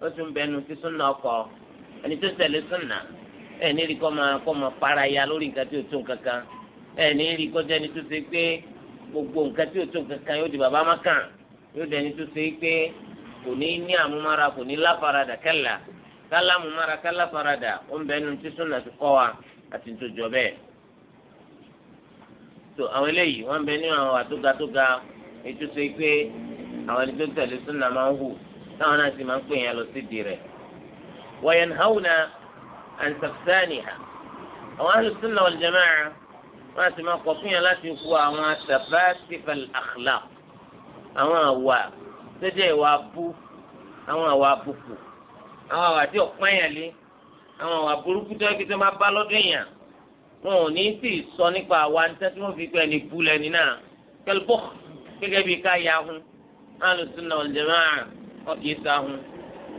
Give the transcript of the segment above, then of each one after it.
ó tún bẹnu sí súnà ọkọ ẹni tó tẹ̀lé súnà ẹ̀ ní rí kọ́ máa kọ́ máa para ya lórí nǹkan tí ò tó nǹkan kan ẹ̀ ní rí kọ́ jẹ́ni tó ṣe pé gbogbo nǹkan tí ò tó nǹkan kan yóò di bàbá máa kàn yóò dẹni tó ṣe pé kò ní ní àmúmára kò ní láfaradà kẹlà kálámúmára káláfaradà ó ń bẹnu tí súnà ti kọ́ wa àti tó bẹ́ẹ̀ tó àwọn eléyìí wọ́n bẹ nínú àwọn àtúgàtúgà ètò ṣe pé àwọn ẹni tó tẹ̀lé súnà máa ń hù táwọn náà sì máa ń pè yẹn lọ sí di rẹ̀ wọ̀yẹn hàwùnà àǹtàfẹ́nìhà àwọn àlùsílẹ̀ ọ̀lẹ́jẹ̀mẹ́ra wọ́n á sì máa kọ̀ fún yẹn láti hu àwọn safatifal akhlaq àwọn àwa tẹ́jẹ́ ìwà abú àwọn àwa abùkù àwọn àwa tí ọ̀pọ̀ yẹn lé àwọn àwa burúkú tó yẹ kí tó máa bá lọ́dún yẹn wọn ò ní sì sọ nípa àwa ní tẹ́tí wọ́n fi pẹ́ ní bú lẹ́ni náà kẹlbọ́ọ̀ gẹ́gẹ́ bí ká yahun àlùsílẹ̀ ọ̀lẹ́jẹ̀mẹ́ra wọn kì í sáhùn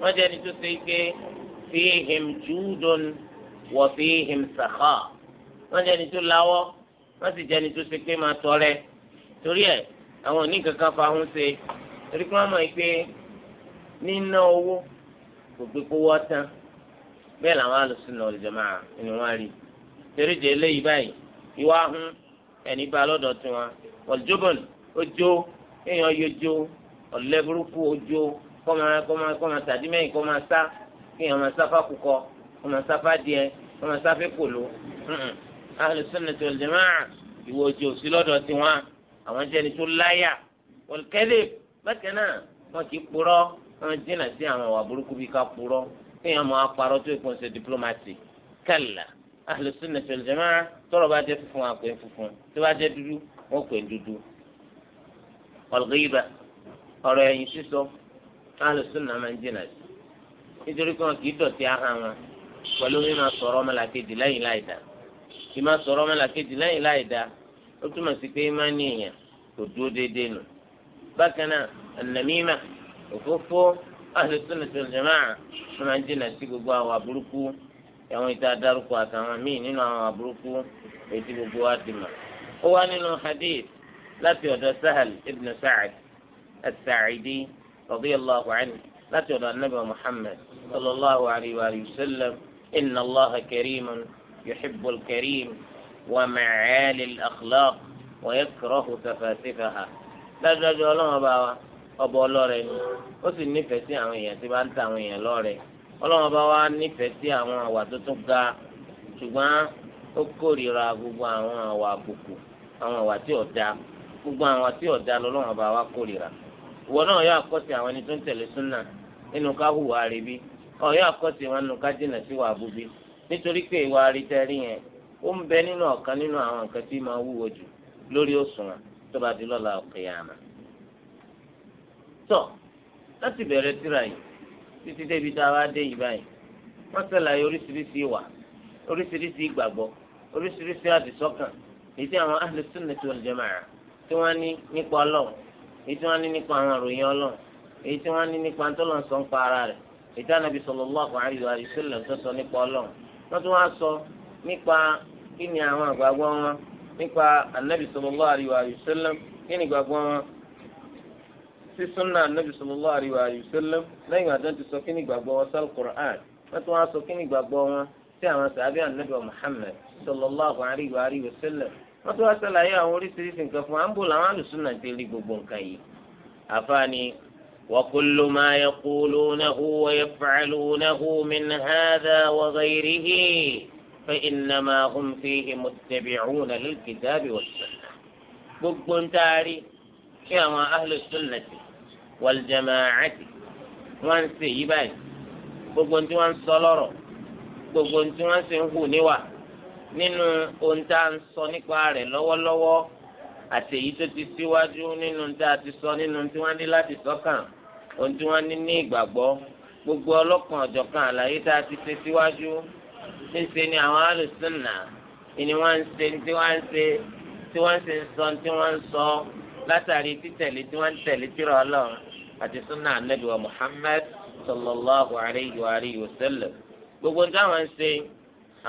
wọn jẹ́ ẹni tó ṣe pé fihim júdùn wọ fihim sàkà wọn jẹ́ ẹni tó láwọ́ wọn sì jẹ́ ẹni tó ṣe pé máa tọrẹ torí ẹ̀ àwọn oníkankan fahùn ṣe torí pé wọn mọ̀ pé níná owó kò gbé kówó tán bẹ́ẹ̀ làwọn alùsùnà ọ̀lùjọ̀mọ́ ni wọ́n rí torí jẹ́ eléyìí báyìí ìwà ahùn ẹni bá lọ́dọ̀ tiwọn wọ́n jóbọ̀n ó jó èèyàn yóò jó ọ̀lẹ́ burúkú kọ́ máa kọ́ máa kọ́ máa tàdí mẹ́yìn kọ́ máa sá kí èèyàn máa sáfá kúkọ kọ́ máa sáfá díẹ̀ kọ́ máa sáfé kòló ahlu sunnati wal jamaa ìwò òjì òsì lọ́dọ̀ tiwọn àwọn jẹni tó láyà wal kadhib bákan náà wọn kì í purọ́ wọn jìnnà sí àwọn àwà burúkú bíi ká purọ́ kí èèyàn máa parọ́ tó ìpọn ṣe diplomacy kalla ahlu sunnati wal jamaa tọrọ bá jẹ funfun àpè funfun tó bá jẹ dúdú wọn pè dúdú wal ghiba ọ̀rọ̀ ẹ̀yìn sísọ káàlù súnà máa ń jìnà sí nítorí pé wọn kì í dọ̀tí ahọ́n wọn pẹ̀lú mímọ sọ̀rọ̀ ọmọlàkejì lẹ́yìn láì dá mímọ sọ̀rọ̀ ọmọlàkejì lẹ́yìn láì dá ó túmọ̀ sí pé má ní èèyàn kò dúró déédéé nù bákan náà ànàmímà òfófó ahlu sunnah wal jamā'ah wọn máa ń jìnà sí gbogbo àwọn àbúrúkú àwọn ìta dárúkọ àtàwọn míì nínú àwọn àbúrúkú ètí gbogbo wa ti mọ̀ ó wá nínú hadith láti ọ̀dọ̀ sahal ibn sa'ad as-sa'idi radiyallahu anhu láti ọ̀dọ̀ anabi muhammed sallallahu alayhi wa sallam inna allah kariman yuhibbul karim wa macaali akhlaq wa yakrahu tafasifaha dájúdájú ọlọ́run ọba wa ọba ọlọ́rẹ̀ ni ó sì nífẹ̀ẹ́ sí àwọn èèyàn tí bá ń ta àwọn èèyàn lọ́rẹ̀ ọlọ́run ọba wa nífẹ̀ẹ́ sí àwọn àwà tó tún ga ṣùgbọ́n ó kórìíra gbogbo àwọn àwà àbùkù àwọn àwà tí ò da gbogbo àwọn àwà tí ò da lọ́lọ́run ọba wa kórìíra. ìwọ náà yọ àkọsí àwọn ẹni tó ń tẹ̀lé súnà nínú ká hùwà àríbí ọ̀yọ́ àkọsí wọn nínú ká jìnà sí wàá búbí nítorí pé ìwà àrítẹ́rí yẹn ó ń bẹ nínú ọ̀kan nínú àwọn nǹkan tí máa wúwo jù lórí òṣùwọ̀n di lọ́la tọ́ láti bẹ̀rẹ̀ yìí títí débi tá a wá dé yìí báyìí wọ́n oríṣiríṣi ìwà oríṣiríṣi ìgbàgbọ́ oríṣiríṣi àdìsọ́kàn èyí tí àwọn tí wọ́n ní èyí tí wọ́n ní nípa àwọn àròyìn ọlọ́run èyí tí wọ́n ní nípa tọ́lọ́n sọ ń pa ara rẹ̀ èyí tí Ànábì sallallahu alaihi wa sallam tó sọ nípa ọlọ́run wọ́n tún wá sọ nípa kí ni àwọn àgbàgbọ́ wọn nípa Ànábì sallallahu alaihi wa sallam kí ni gbàgbọ́ wọn sí súnà Ànábì sallallahu alaihi wa lẹ́yìn sọ kí ni wọn tún wá sọ wọ́n tún wá ṣàlàyé àwọn oríṣiríṣi nǹkan fún wa ń bò làwọn àlùsùnà ti rí gbogbo nǹkan yìí àfààní وكل ما يقولونه ويفعلونه من هذا وغيره فإنما هم فيه متبعون للكتاب والسنة gbogbo ń taari kí àwọn ahlùsùnàtì wàlùjàmáàtì wọn ń ṣe yí báyìí gbogbo ń tí wọn ń gbogbo ń tí wọn ṣe ń hù níwà nínú ohun tá à ń sọ nípa rẹ̀ lọ́wọ́lọ́wọ́ àti èyí tó ti síwájú nínú tá a ti sọ nínú tí wọ́n ní láti sọ́kàn ohun tí wọ́n ní ní ìgbàgbọ́ gbogbo ọlọ́kan ọ̀jọ̀kan àlàyé tá a ti ṣe síwájú níṣe ni àwọn alùsùnà ni wọ́n ń ṣe tí wọ́n ń ṣe tí wọ́n ń ṣe ń sọ tí wọ́n ń sọ látàrí títẹ̀lé tí wọ́n ń tẹ̀lé tìrọ̀ ọlọ́run àti sunna anabi wa Muhammad sallallahu alayhi wa alihi wa sallam gbogbo táwọn ń ṣe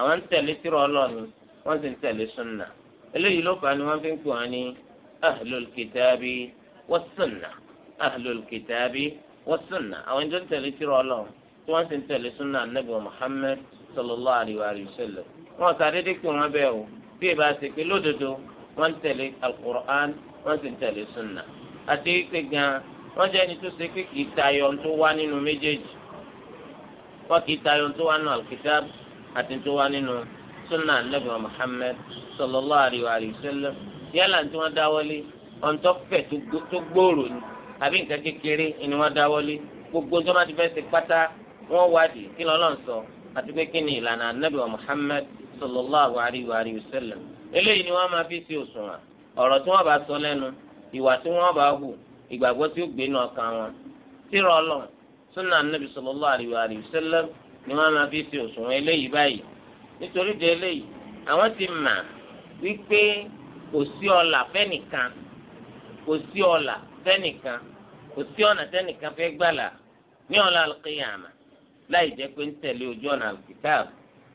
àwọn ń tẹ̀lé tìrọ ọlọ́ọ̀ni wọ́n sì ń tẹ̀lé súnà eléyìí ló fà á ni wọ́n fi ń pè wọ́n ní ahlul kitabi was sunna ahlul kitabi was sunna àwọn ìjọ ń tẹ̀lé tìrọ ọlọ́ọ̀ni tí wọ́n sì ń tẹ̀lé súnà anabi muhammed sallallahu alayhi wa sallam wọ́n sàdédé pé wọ́n bẹ́ẹ̀ o bí ẹ bá ṣe pé lódodo wọ́n ń tẹ̀lé alukur'an wọ́n sì ń tẹ̀lé sunna àti pé gan wọ́n jẹ́ ẹni tó ṣe pé kì í tayọ tó wá nínú méjèèjì wọ́n kì í tayọ àti tó wá nínú sunna anabi muhammed sallallahu alayhi wa sallam yálà tí wọ́n dáwọ́lé ọ̀ntọ́fẹ̀ tó gbòòrò ni àbí nǹkan kékeré ni wọ́n dáwọ́lé gbogbo tó má ti fẹ́ ṣe pátá wọ́n wádìí kí lọ́lọ́ sọ àti pé kí ni ìlànà anabi muhammed sallallahu alayhi wa sallam eléyìí ni wọ́n máa fi ṣe òṣùwọ̀n ọ̀rọ̀ tí wọ́n bá sọ lẹ́nu ìwà tí wọ́n bá hù ìgbàgbọ́ tí ó gbé náà kan wọn. tírọ̀ ọlọ́run sunna anabi sallallahu alayhi wa sallam ni wọ́n máa fi ṣe òṣùwọ̀n eléyìí báyìí nítorí de eléyìí àwọn ti mà wípé kò sí ọlà fẹ́nìkan kò sí ọlà fẹ́nìkan kò sí ọ̀nà tẹ́nìkan fẹ́ gbàlà ní ọ̀la alqiyama láì jẹ́ pé ń tẹ̀lé ojú ọ̀nà alkitab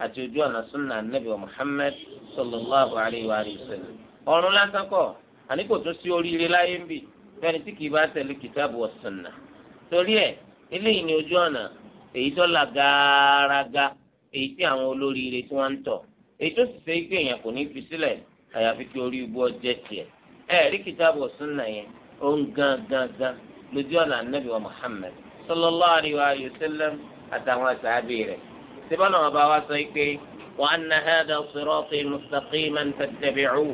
àti ojú ọ̀nà sunna nabi muhammed sallallahu alayhi wa sallam ọ̀run lásán kọ́ àní kò tún sí oríire láyé ń bì fẹ́ni tí kì í bá tẹ̀lé kitabu wa sunna torí ẹ̀ eléyìí ni ojú ọ̀nà èyí tó là gàràgà èyí tí àwọn olóríire tí wọ́n ń tọ̀ èyí tó sì ṣe é pé èèyàn kò ní fi sílẹ̀ àyàfi kí orí ibú ọjẹ tiẹ̀ ẹ rí kìtàbù sunnah yẹn ó ń gan gan gan lójú ọ̀nà anábì wa Muhammad sallallahu alayhi wa àtàwọn àṣàbí rẹ̀ síbá náà bá wá sọ pé wa anna hadha sirati mustaqiman fattabi'uhu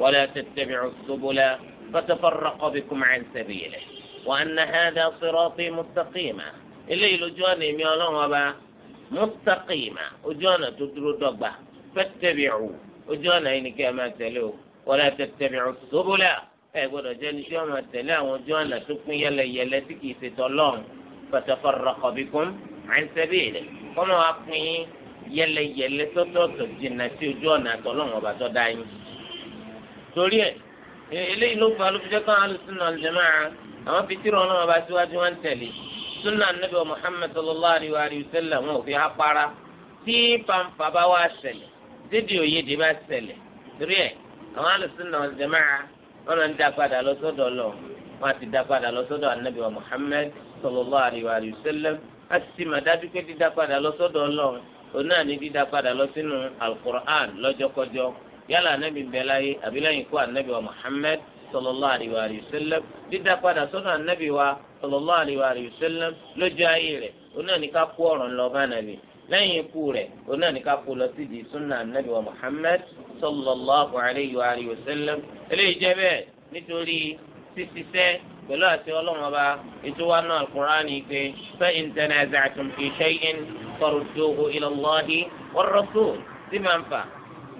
wa la tattabi'u subula fatafarraqa bikum an sabilihi wa anna hadha sirati mustaqiman eléyìí lójú ọ̀nà èmi ọlọ́run ọba mustaqima ojú ọ̀nà tó dúró dọ́gba fattabi'u ojú ọ̀nà yìí ni kí ẹ máa tẹ̀lé o wala tattabi'u subula ẹ gbọ́dọ̀ jẹ́ ní tí wọ́n máa tẹ̀lé àwọn ojú ọ̀nà tó pín yẹlẹyẹlẹ tí kìí ṣe tọ́lọ́run fatafarraqa bikum an sabili kọ́nà wa pín yẹlẹyẹlẹ tọ́tọ̀ọ̀tọ̀ jìnnà sí ojú ọ̀nà àtọ́lọ́run ọba sunna nabi wa muhammad sallallahu alayhi wa sallam wọn ò fi hapara tí fanfa bá wá ṣẹlẹ̀ dídì òyedè bá ṣẹlẹ̀ torí ẹ̀ àwọn alùsùnà jama'a wọn lọ ń dá padà lọ sọ́dọ̀ lọ wọn ti dá padà anabi muhammad sallallahu alayhi wa sallam a sì mà dájú pé dídá padà lọ òun náà ní dídá lọ sínú alukur'an lọ́jọ́kọjọ́ yálà anabi bẹ̀rẹ̀ ayé àbílẹ̀yìn kó anabi muhammad sallallahu alayhi wa sallam dídá padà anabi wa sallallahu alaihi wa sallam lójú ayé rẹ̀ òun náà ní ká kó ọ̀rọ̀ ńlọ bá nàbì lẹ́yìn ikú rẹ̀ òun náà ní ká kó lọ sí di sunna anabi wa muhammad sallallahu alaihi wa sallam eléyìí jẹ́ bẹ́ẹ̀ nítorí sísísẹ́ pẹ̀lú àti ọlọ́run ọba náà alukur'ani pé fa in tanaza'tum fi shay'in farudduhu ila Allahi war sí máa ń fà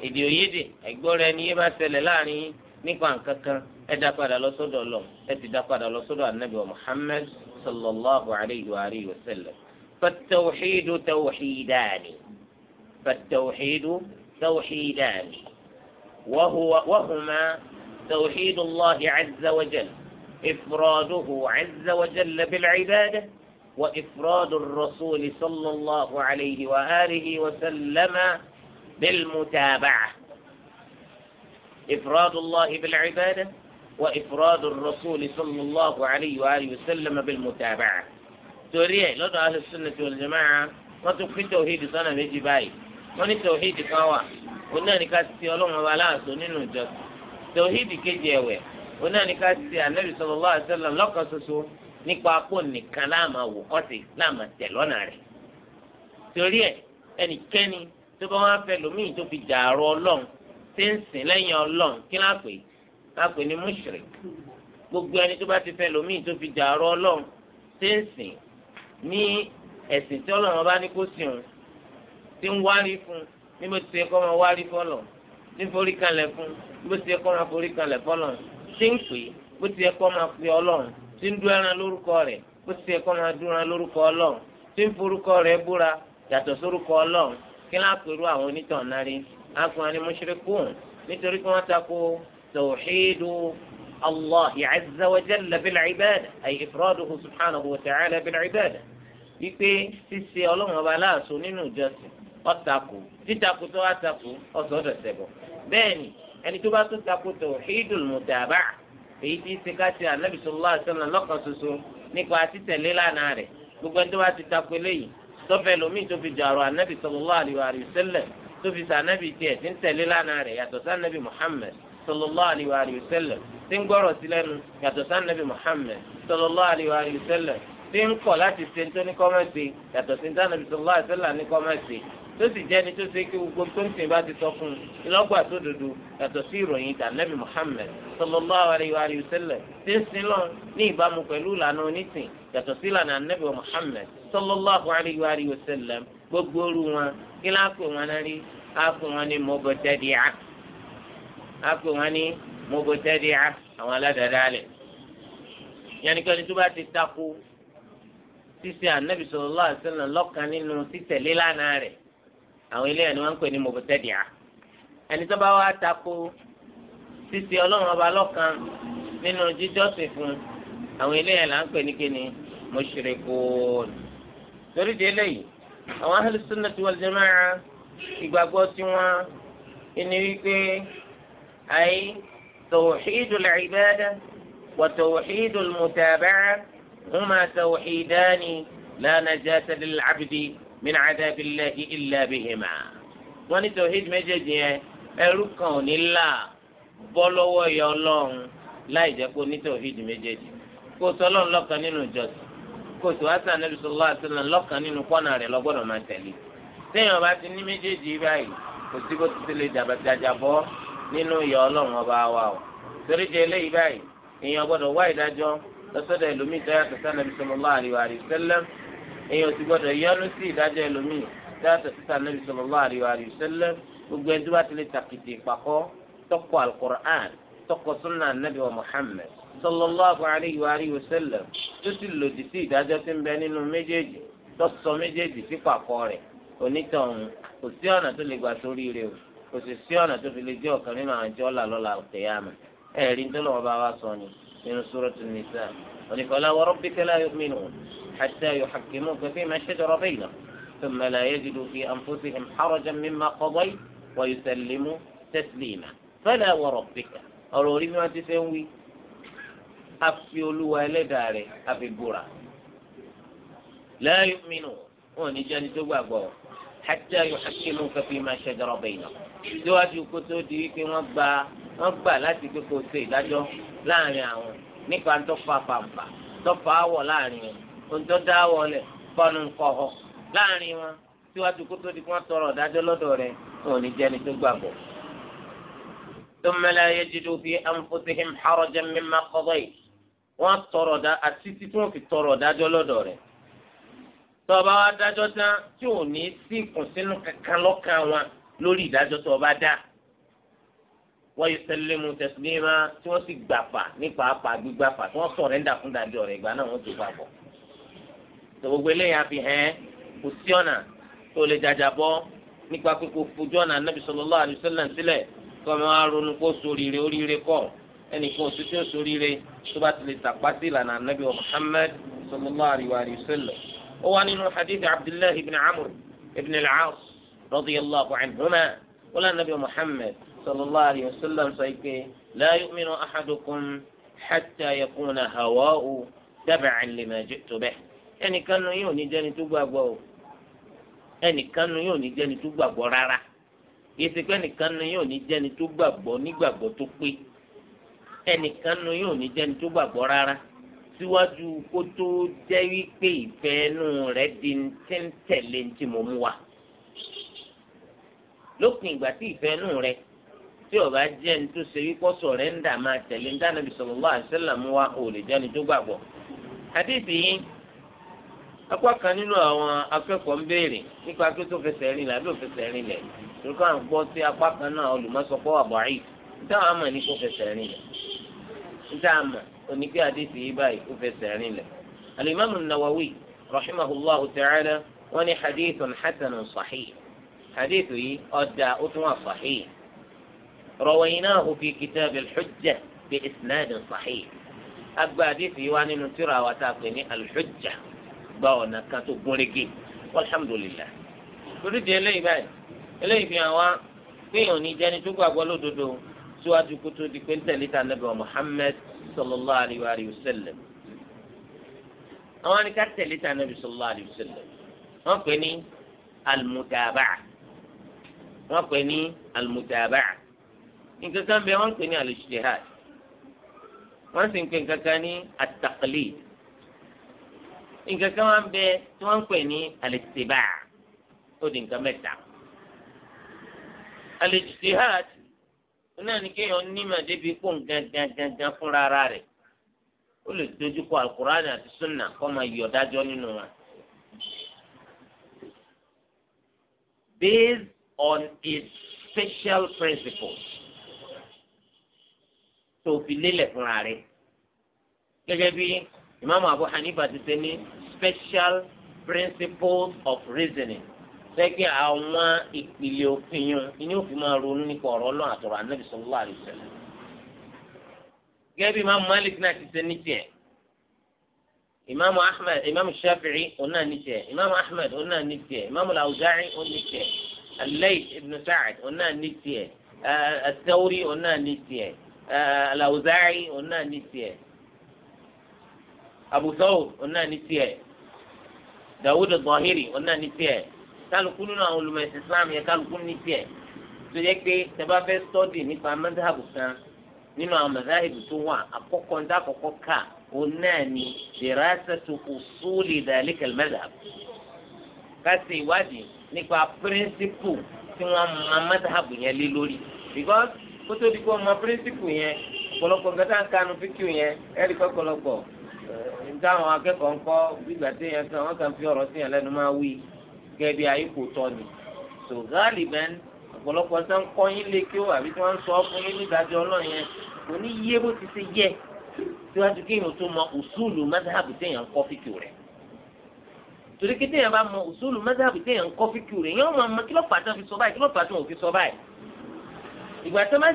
èdè òyédè ẹ̀gbọ́n ni yé bá ṣẹlẹ̀ láàrin nípa nǹkan kan ẹ dá padà lọ sọ́dọ̀ lọ ẹ ti dá padà lọ sọ́dọ̀ anabi wa muhammed sallallahu alayhi wa alihi wa sallam fatawxiidu tawxiidaani fatawxiidu tawxiidaani wahuwa wahuma tawxiidu allahi caza wajal ifraaduhu caza wajalla bilcibaada wa ifraadu rasuuli sallallahu alayhi wa alihi wa sallama bilmutaabaca. إفراد الله بالعبادة وإفراد الرسول صلى الله عليه وآله وسلم بالمتابعة توريه لدى أهل السنة والجماعة ما وتبقي توحيد سنة ميجي باي وني توحيد كوا وناني كاسي ولوم وبالاس ونينو جس توحيد كيجي وي وناني كاسي النبي صلى الله عليه وسلم لقى سسو nípa kó nìkan láàmà wò kọ́sì láàmà tẹ̀ lọ́nà rẹ̀ torí ẹ̀ ẹnikẹ́ni tó bá wá tí ń sìn lẹ́yìn ọlọ́run kí náà pè náà pè ní mushrik gbogbo ẹni tó bá ti fẹ́ lòmíì tó fi dàrọ ọlọ́run tí ń sìn ní ẹ̀sìn tí ọlọ́run bá ní kó sìn òun tí ń wárí fún ní bó ti ṣe kọ́ máa wárí fọlọ̀ ní forí kanlẹ̀ fún ní bó ti ṣe kọ́ máa forí kanlẹ̀ fọlọ̀ tí ń pè bó ti ṣe kọ́ máa pè ọlọ́run tí ń dún ẹran lórúkọ rẹ̀ bó ti ṣe kọ́ máa dún ẹran lórúkọ ọlọ́run tí ń forúkọ rẹ̀ búra yàtọ̀ sórúkọ ọlọ́run kí lápẹ̀rú àwọn onítàn náà rí akùnrin ni mushrikun nítorí kí wọ́n tako tawxiidu allahi azza wa jalla bil cibaada ay ifraaduhu subhanahu wa ta'ala bil cibaada wípé ṣíṣe ọlọ́run ọba aláàṣọ nínú ìjọsìn ọ̀tàkù títàkù tó wá takù ọ̀sọ́dọ̀ ṣẹ̀bọ̀ bẹ́ẹ̀ ẹni tó bá tún takù tawhidul mutaba'a èyí tí ṣe ká ti ànábì sallallahu alaihi wasallam lọ́kàn ṣoṣo nípa títẹ̀lé lánàá rẹ̀ gbogbo ẹni tó bá ti takù eléyìí tọ́fẹ̀ lómi tó fi jàrọ̀ ànábì sallallahu alaihi wasallam tó fi sànàbì tiẹ̀ tí ń tẹ̀lé lánàá rẹ̀ yàtọ̀ sànàbì Muhammad sallallahu alayhi wa alayhi wa sallam tí ń gbọ́rọ̀ sí lẹ́nu yàtọ̀ sànàbì Muhammad sallallahu alayhi wa alayhi wa sallam tí ń kọ̀ láti ṣe tó ní kọ́mẹ́sì yàtọ̀ sí sànàbì sallallahu alayhi wa sallam ní kọ́mẹ́sì tó sì jẹ́ni tó ṣe kí gbogbo tó ń sìn bá ti sọ fún un ìlọ́gbà tó dodo yàtọ̀ sí ìròyìn ìdánẹ́bì Muhammad sallallahu alayhi wa alihi wa sallam tí ń sin lọ ní ìbámu pẹ̀lú ìlànà onísìn yàtọ̀ sí ìlànà ànẹ́bì Muhammad sallallahu alayhi wa alihi wa sallam gbogbo oru wọn kí ló á pè wọn náà rí á pè wọn ní mọbọtẹdìá á pè wọn ní mọbọtẹdìá àwọn aládàáda lẹ yẹnikẹ́ni tó bá ti takò sísè ànábì sallallahu alaihi wasallam lọ́kàn nínú títẹ̀lé lánàá rẹ̀ àwọn eléyà ni wọ́n ń pè ní mọbọtẹdìá ẹni tó bá wá takò sísè Ọlọ́run ọba lọ́kàn nínú jíjọ́sìn fún àwọn eléyà là ń pè ní kíni mushrikun torí di eléyìí àwọn ahlu sunnati wal jamaa ìgbàgbọ́ tiwọn ẹni wípé àyè tawhidul ibada wa tawhidul mutaba'a huma tawhidani la najata lil abdi min adabillahi illa bihima wọ́n ní tawhid méjèèjì yẹn ẹrú kan ò ní là bọ́ lọ́wọ́ ìyá ọlọ́run láì jẹ́ kó ní méjèèjì kó sọ ọlọ́run nínú ìjọsìn kò tó wáṣà nàbì sọlá àtúnlá lọ́kàn nínú kọ́nà rẹ̀ lọ́gbọ́dọ̀ máa tẹ̀lé téèyàn bá ti ní méjèèjì báyìí kò sí bó ti ti lè dàgbàdàgbà bọ́ nínú ìyà ọlọ́run ọba wa o torí jẹ eléyìí báyìí èèyàn gbọ́dọ̀ wá ìdájọ́ lọ́sọ̀dọ̀ ẹlòmíì tó yàtọ̀ sànàbì sọlá àríwá àríwá sẹ́lẹ̀m èèyàn ti gbọ́dọ̀ yọnu sí ìdájọ́ ẹlòmíì tó yàtọ̀ sànàbì sọlá àríwá àríwá sẹ́lẹ̀m sallallahu alayhi wa alihi wa sallam tó sì lòdì sí ìdájọ́ tí ń bẹ nínú méjèèjì tó sọ méjèèjì sí pàkọ́ rẹ̀ onítọ̀hún kò sí ọ̀nà tó lè gbà sórí rẹ̀ o kò sì sí ọ̀nà tó fi lè jẹ́ ọ̀kan nínú àwọn tí ó là lọ́la al-qiyamah ẹ̀rí tó lọ́wọ́ bá wa sọ ni nínú suratul nisa onífọ̀lá wa rabbika la yu'minun hatta yuhakkimuka fima shajara baynahum thumma la yajidu fi anfusihim harajan mimma qadayta wa yusallimu taslima fala wa rabbika ọ̀rọ̀ orí mi wá ti fẹ́ wí afi olúwa ẹlẹ́dàá rẹ̀ afi búra la yu'minu wọn ò ní jẹ́ ẹni tó gbàgbọ́ hatta yuhakkimuka fima shajara bainahum síwájú kó tó di wípé wọ́n gba wọ́n gbà láti pé kó ṣe ìdájọ́ láàrin àwọn nípa ń tọ́fà pàmpà tọ́fà àwọ̀ láàrin wọn ohun tó dá àwọ̀ lẹ̀ kọ́nu láàrin wọn síwájú kó tó di wọ́n tọrọ ìdájọ́ lọ́dọ̀ rẹ̀ wọn ò ní jẹ́ ẹni tó gbàgbọ́. thumma la yajidu fi anfusihim harajan wọ́n tọrọ dá àti títí wọ́n fi tọrọ dájọ́ lọdọ rẹ. tó ọba bá wá dájọ́ tán tí ò ní sí ìkùnsínú kankan lọ́kàn wọn lórí ìdájọ́ o bá dá wọ́n yóò tẹ́lẹ̀ mu tẹ̀sílẹ́mà tí wọn sì gbàfà nípa apá gbígbàfà tí wọ́n sọ̀rẹ́ńdà fún dájọ́ ìgbà náà wọ́n tó fà bọ̀ tó gbogbo eléyìí àfihàn kò sí ọ̀nà tó lè jàjà nípa kókó fojú tó bá ti lè tàpá sí ìlànà anabi wa muhammad sallallahu alayhi wa sallam ó wà nínú hadith abdullahi ibn amr ibn al-aas radiyallahu anhuma wọ́n lé anabi wa muhammad sallallahu alayhi wa sallam sọ pé la yu'minu ahadukum hatta yakuna hawa'u tab'an lima ji'tu bih ẹnìkan nu yóò ní jẹni tó gbàgbọ́ o ẹnìkan nu yóò ní jẹni tó gbàgbọ́ rárá yìí ti pé ẹnìkan nu yóò ní jẹni tó gbàgbọ́ nígbàgbọ́ tó pé ẹnìkan nu yóò ní jẹ́ni tó gbàgbọ́ rárá síwájú kó tó jẹ́ wípé ìfẹ́ inú rẹ̀ di ti ń tẹ̀lé tí mo mú wa lópin ìgbà tí ìfẹ́ inú rẹ̀ tí ó bá jẹ́ ní tó ṣe wípọ́ sọ̀rẹ́ ń dà máa tẹ̀lé ní dáná bisọ̀ lọ́wọ́ àṣẹlẹ̀ mú wa ò lè jẹ́ni tó gbàgbọ́. àdéhìí yín apá kan nínú àwọn akẹ́kọ̀ọ́ ń béèrè nípa pé tó fẹsẹ̀ rìn lẹ̀ àbí òfẹsẹ̀ rìn lẹ̀ tó kàn gbọ́ sí apá kan náà olùmọ̀sọ̀kọ́ àbọ̀rí táwọn àmọ̀ ní kó fẹsẹ̀ rìn lẹ̀ níta àmà onígbé àdéhùn yìí báyìí ó fẹsẹ̀ rìn lẹ̀. alimami nawawi rahimahullah ta'ala wọ́n ní hadithun hasanun sahih hadithu yìí ọ̀dà ó tún wà sahih rawaynahu fi kitab al-hujja bi isnadin sahih agba àdéhùn yìí wá nínú tírà wa tá a pè ní al-hujja gba ọ̀nà kan tó gúnrégé alhamdulillah torí di eléyìí báyìí eléyìí fi hàn wá pé òní jẹni tó gbàgbọ́ lódodo síwájú kó tó di pé ń tẹ̀lé ta nàbẹ̀ Muhammad sallallahu alayhi wa sallam àwọn anìká tẹ̀lé ta nàbẹ̀ sallallahu alayhi wa sallam wọ́n pè ní almutaba'a wọ́n pè ní almutaba'a nǹkan kan bẹ́ẹ̀ wọ́n pè ní al-ijtihad wọ́n sì ń kan ní at-taqlid kan wọ́n bẹ́ẹ̀ tí wọ́n pè ní al-ittiba' di nǹkan mẹ́ta al náà ni kéèyàn nímọ̀ débi pò ń gangan gangan fúnra rẹ̀ ó lè dojúkọ alukur'an àti sunna kọ́ máa yọ dájọ́ nínú wọn. based on its special principles tó fi lélẹ̀ fúnra rẹ̀ gẹ́gẹ́ bí imaamu abu hanifa ti ṣe ní special principles of reasoning sẹ́kẹ́ àwọn ìpìlẹ̀ òfin yun ni yóò fi máa ronú nípa ọ̀rọ̀ náà àtọ̀rọ̀ anábì sallallahu alaihi wasallam. gẹ́gẹ́ ìmáàmù Malik náà ti ṣe ní tiẹ̀ ìmáàmù Ahmed ìmáàmù Shafi'i òun náà ní tiẹ̀ ìmáàmù Ahmed òun náà ní tiẹ̀ ìmáàmù Al-Awza'i òun ní tiẹ̀ Al-Layth ibn Sa'd òun náà ní tiẹ̀ uh, òun náà ní tiẹ̀ uh, òun náà ní Abu Thawr òun náà ní Dawud zahiri òun náà ní kálukú nínú àwọn olùmọ̀ẹ̀sìn islam yẹn kálukú ní tiẹ̀ tó yẹ pé tẹ́bá fẹ́ sọ́ọ̀dì nípa mẹ́tàbù kan nínú àwọn mẹ́tàbù tó wà àkọ́kọ́ ní àkọ́kọ́ ká òun náà ni dirasatu usuli dhalika al-madhhab ká ṣe ìwádìí nípa píríncípù tí wọ́n máa mẹ́tàbù yẹn lé lórí because kótó di kó ọmọ píríncípù yẹn ọ̀pọ̀lọpọ̀ nǹkan tá à ń kanu fíkìú yẹn ẹ̀rí kọ́kọ́lọpọ̀ táwọn eh, akẹ́kọ̀ọ́ ń kọ́ gbígbà téèyàn kan wọ́n kàn fi ọ̀rọ̀ sí yẹn lẹ́nu máa wí gẹ́gẹ́ bí ayé kò tọ́ ni so ghaliban ọ̀pọ̀lọpọ̀ sẹ́ ń kọ́ yín lé kí ó àbí tí wọ́n ń sọ fún yín nídàájọ́ ọlọ́run yẹn kò ní yé bó ti ṣe yẹ síwájú kí èèyàn tó mọ usulu madhhabu téèyàn ń kọ́ fíkì rẹ̀ torí kí téèyàn bá mọ usulu madhhabu téèyàn ń kọ́ fíkì rẹ̀ yẹn wọ́n mọ kí ló pàtó fi sọ báyìí kí ló pàtó fi sọ báyìí ìgbà tó máa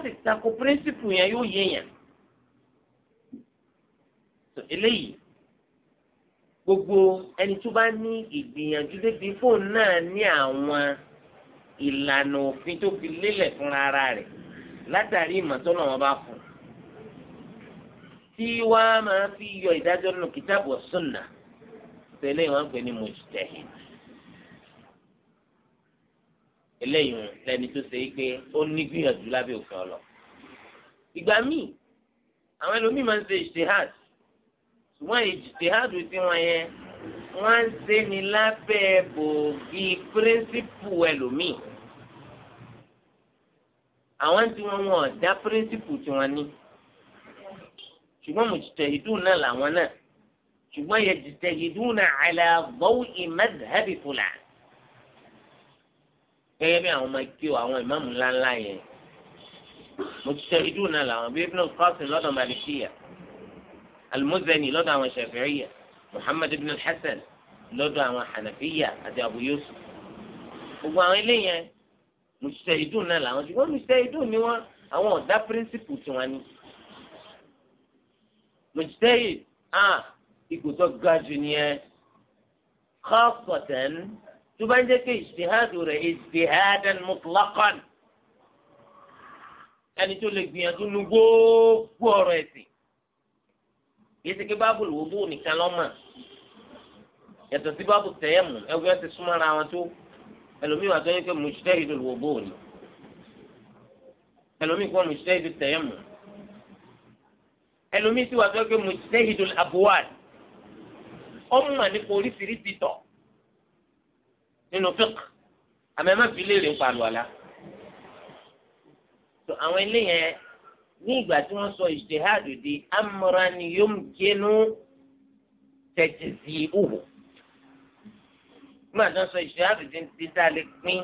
ń sì gbogbo ẹni tó bá ní ìgbìyànjú débi fóònù náà ní àwọn ìlànà òfin tó fi lélẹ̀ fúnra ara rẹ̀ látàrí ìmọ̀tọ́nà wọn bá fún un tí wàá máa fi yọ ìdájọ́ nínú kìtàbù sunna tẹ́lẹ̀ wọn pè ní mujtahid eléyìí lẹni tó ṣe é pé ó ní gbìyànjú lábẹ́ òfin ọlọ ìgbà míì àwọn ẹlòmíì máa ń ṣe ijtihad ṣùgbọ́n ìjìdíhádù tí wọ́n yẹn wọ́n ń ṣe ní lábẹ́ bòógì píríncípù ẹlòmíì àwọn tí wọ́n wọ́n dá píríncípù tí wọ́n ní ṣùgbọ́n mùjìtẹ̀hìdù náà làwọn náà ṣùgbọ́n yẹjìtẹ̀hìdù náà àlà bọ́wì madhhabi fulan gẹ́gẹ́ bí àwọn ọmọ ike o àwọn ìmáàmù ńláńlá yẹn mùjìtẹ̀hìdù náà làwọn bí Ibn Qasim lọ́dọ̀ Màlíkìyà al-Muzani lọ́dọ̀ àwọn Shafi'iyya Muhammad ibn al-Hasan lọ́dọ̀ àwọn Hanafiyya àti Abu Yusuf gbogbo àwọn eléyẹn mùsùlùmí náà làwọn ṣùgbọ́n mùsùlùmí ni wọ́n àwọn ọ̀dá píríncípù tiwọn ni mùsùlùmí ah ipò tó ga jù nìyẹn kọ́sọ̀tẹ̀n tó bá ń jẹ́ pé ìṣèhádùn rẹ̀ ìṣèhádùn mutlaqan ẹni tó lè gbìyànjú nu gbogbo ọ̀rọ̀ ẹ̀sìn yìí ti ké báàbù lòwúdù nìkan lọ́mọ yàtọ̀ sí báàbù tẹ̀yẹ̀mù ẹgbẹ́ ti súnmọ́ra wọn tó ẹlòmíì wà tó yẹ kó mùsítẹ́rìdù lòwúdù ni ẹlòmíì kó mùsítẹ́rìdù tẹ̀yẹ̀mù ẹlòmíì sì wà tó yẹ kó mùsítẹ́rìdù àbúwàd ọmọ nípa oríṣiríṣi tọ̀ nínú fíkì àmọ́ ẹ má fi léèrè ń pa àlùwàlá tó àwọn eléyẹn ní ìgbà tí wọ́n sọ ìṣèhádù di amran yumkinu tajzi'uhu nígbà tí wọ́n sọ ìṣèhádù di ti dá lè pín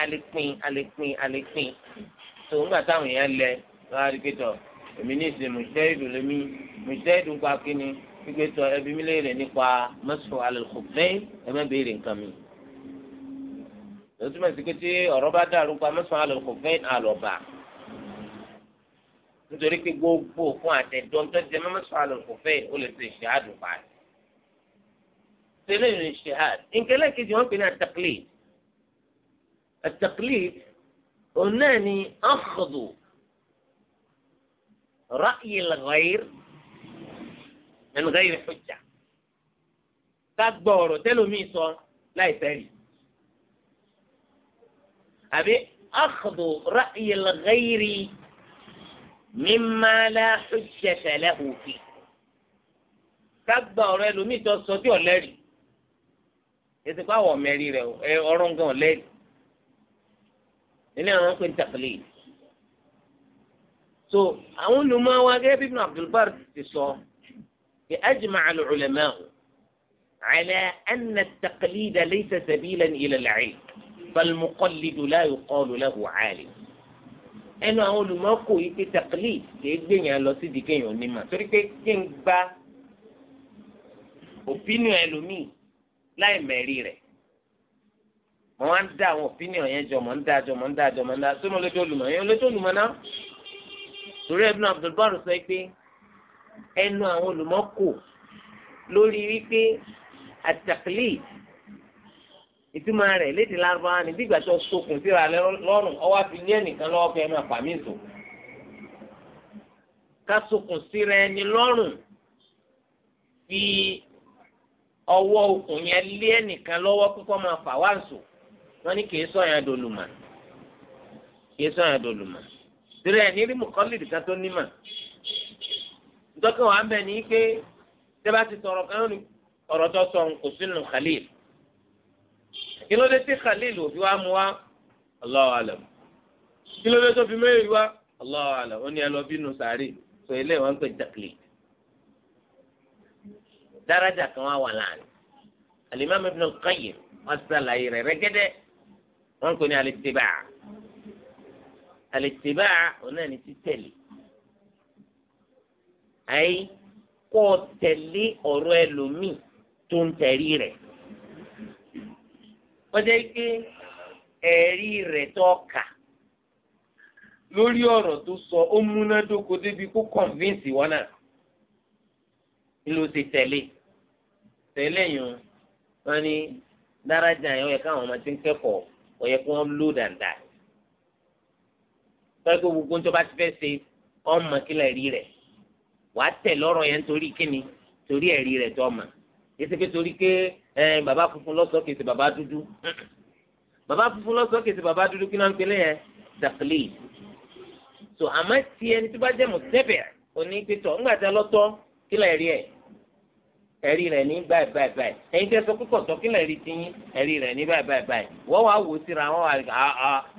alẹ́ pín alẹ́ pín alẹ́ pín tó nígbà táwọn èèyàn lẹ lọ́wọ́ àdìgbẹ́tọ̀ èmi ní ìsìn mùsítáìdù lèmi mùsítáìdù pa kínní gbígbẹ́tọ̀ ẹbí mi léèrè nípa mashu ala al ẹ má béèrè nǹkan mi lọ́túmọ̀ sí pé tí ọ̀rọ̀ bá dàrú pa mashu ala al-khuffayn nítorí pé gbogbo fún atedo àtẹ̀dọ́ tó jẹ mọ́mọ́ sọ́ọ́lù kò fẹ́ ó lè ṣe ìṣèhádùn sele á sẹ́lẹ̀ ní ìṣèhád nkẹ́lẹ́ kejì wọ́n pè ní at-taqlid at-taqlid òun náà ni akhdhu ra'yi al-ghayr min ghayri hujja ká gbọ́ ọ̀rọ̀ tẹ́lómi sọ láì sẹ́rì àbí akhdhu ra'yi al-ghayri. mimma la hujjata lahu fi kágbà ọ̀rọ̀ ẹlòmíì tó sọ tí ọ̀lẹ́rì ètò ìpá wọ̀ mẹ́rí rẹ̀ ọ̀rọ̀ nǹkan ọ̀lẹ́rì ilé àwọn ń pè tàkìlì so àwọn olùmọ̀wá gẹ́gẹ́ bí ibn abdulbar ti sọ bi ajma'a al-ulama ala anna at-taqlid laysa sabilan ila al-'ilm fal-muqallid la yuqalu lahu 'alim ẹnu àwọn olùmọ́kò yìí pé tẹ̀kílì kìí gbèyàn lọ sí di kéèyàn onímọ̀ torí pé kí n gba òpínìọ̀ ẹlòmíì láì mẹ̀rí rẹ̀ mọ̀ wá ń dá àwọn òpínìọ̀ yẹn jọ mọ̀ ń dá jọ mọ̀ ń dá jọ mọ̀ ń dá tó mo olùmọ̀ yẹn lè olùmọ̀ náà torí Ibn Abdul Barr sọ pé ẹnu àwọn olùmọ́kò lórí wípé àtẹ̀kílì ìtumọ̀ rẹ̀ léde lárúbáwá ni bígbà tó sokùn síra lọ́rùn ọwọ́ fi lé ẹnìkan lọ́wọ́ fẹ́ máa fàmí ìtò ká sokùn síra ẹni lọ́rùn fi ọwọ́ okùn yẹn lé ẹnìkan lọ́wọ́ kókó máa fà wá nsò wọ́n ní kìí sọ yẹn dolùmọ̀ kìí sọ yẹn dolùmọ̀ síra ẹni rí mùkọ́lìdì ká tó nímọ̀ ntọ́kẹ́ wàá bẹ̀ ni pé tẹ́ bá ti sọ̀rọ̀ kan ọ̀rọ̀ tó sọ kò sínú khalil kí ló dé tí khalil òbí wa mú wa Allahu alam kí ló dé tó fi mẹ́rin wa Allahu alam ó ní ẹ lọ bínú sàárì sọ ilé wọn ń pè jàkìlì daraja kan wà wà láàrin alimami Ibn al wọn sàlàyé rẹ̀ rẹ́gẹ́dẹ́ wọn kò ní alitiba alitiba ọ̀nà ni títẹ̀lé ayi kó tẹ̀lé ọ̀rọ̀ ẹlòmíì tó ń tẹ̀lé rẹ̀ wọ́n jẹ́ pé ẹ̀rí rẹ̀ tọ́ka lórí ọ̀rọ̀ tó sọ ó múnádóko débi kó kọ̀nvínsì wọn náà ló ti tẹ̀lé tẹ̀lé yẹn wọ́n ní dáradà yẹn ó yẹ káwọn ọmọ ti ń kẹ́kọ̀ọ́ ó yẹ kí wọ́n lò dáadáa tọ́jú gbogbo ń tó bá ti fẹ́ ṣe ọmọ kílẹ̀ rí rẹ̀ wàá tẹ̀ lọ́rọ̀ yẹn torí kíni torí ẹ̀rí rẹ̀ tó ọmọ yẹ́sẹ̀ pé torí pé ẹ Baba, funfun lọ́sọ̀ọ́ kìí ṣe bàbá dúdú bàbá funfun lọ́sọ̀ọ́ kìí ṣe bàbá dúdú kí náà ń pele yẹn dàkìlì so àmọ́ tí ẹni tó bá jẹ́ mùsẹ́bẹ̀ onígbètò ńgbà tí a lọ tọ́ kí lè rí ẹ̀ ẹ̀rí rẹ̀ ní báyìí báyìí báyìí ẹ̀yin tẹ́ sọ pé kọ̀tọ́ kí lè rí ti yín ẹ̀rí rẹ̀ ní báyìí báyìí báyìí wọ́n wá wò síra wọ́n wá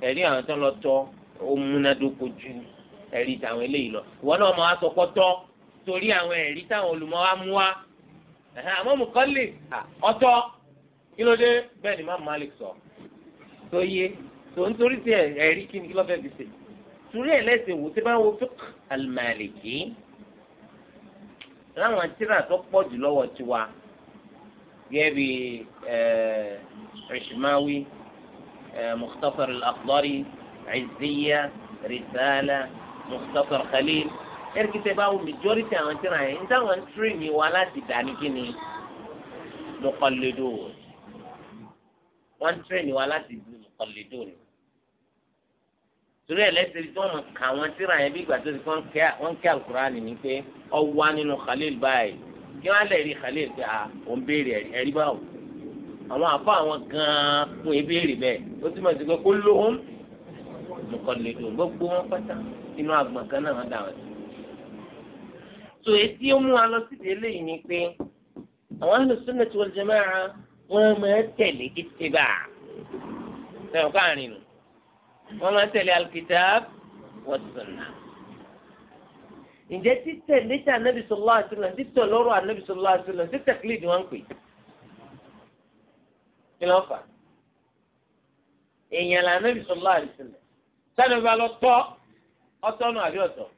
ẹ̀rí àwọn tó lọ tọ́ ó múnádóko ju ẹ̀rí tàwọn eléyìí lọ ìwọ náà máa sọ pọ́tọ́ torí àwọn ẹ̀rí táwọn olùmọ̀ wa mú wa ẹ̀hẹ́ àmọ́ mùkọ́lì ọ̀tọ̀ kí ló dé bẹ́ẹ̀ ni máa Malik sọ tó yé tó ń torí sí ẹ̀rí kí ni kí ló fẹ́ fi ṣe torí ẹ̀ lẹ́sẹ̀ wò tí bá wo fiqh al-Maliki láwọn tíra tó pọ̀ jù lọ́wọ́ tiwa gẹ́gẹ́ bí Ishmawi Mukhtasar al-Akhdari Izziyya Risala Mukhtasar Khalil. ẹ̀ríkìtẹ́ bá wo majority àwọn tíra yẹn ní táwọn ń tírì ní wa láti dà ní kíni mọ̀kànlédò wọ́n ń tírì ní wa láti di mọ̀kànlédò ni torí ẹlẹ́sìn tí wọ́n kà wọ́n tíra yẹn bí ìgbà tó ti wọ́n kí alukur'an ni pé ọwọ́ nínú khalil báyìí kí wọ́n lè rí khalil pé à ah, ò ń béèrè ẹ̀rí báwò àwọn àfọ àwọn gan-an fún ebéèrè bẹ́ẹ̀ ó túmọ̀ sí pé kó lóhùn mọ̀kànlédò gbogbo wọn pátá inú àgbọ̀n kan náà wọ́n dà wọ́n sí so etí ó mú wa lọ síbi eléyìí ni pé àwọn Ahlus-Sunnah wal Jamā'ah wọ́n máa tẹ̀lé ìtìbà sẹ́wọ̀n káàrin nù wọ́n máa tẹ̀lé al-Kitāb was-Sunnah. ǹjẹ́ títẹ̀ létí Ànábì sallallahu alaihi wasallam títẹ̀ lọ́rọ̀ Ànábì sallallahu alaihi wasallam títẹ̀ kílíìdì wọn pè kí ló fà èèyàn là Ànábì sallallahu alaihi sani bá lọ tọ́ ọtọ́ nù àbí ọ̀tọ̀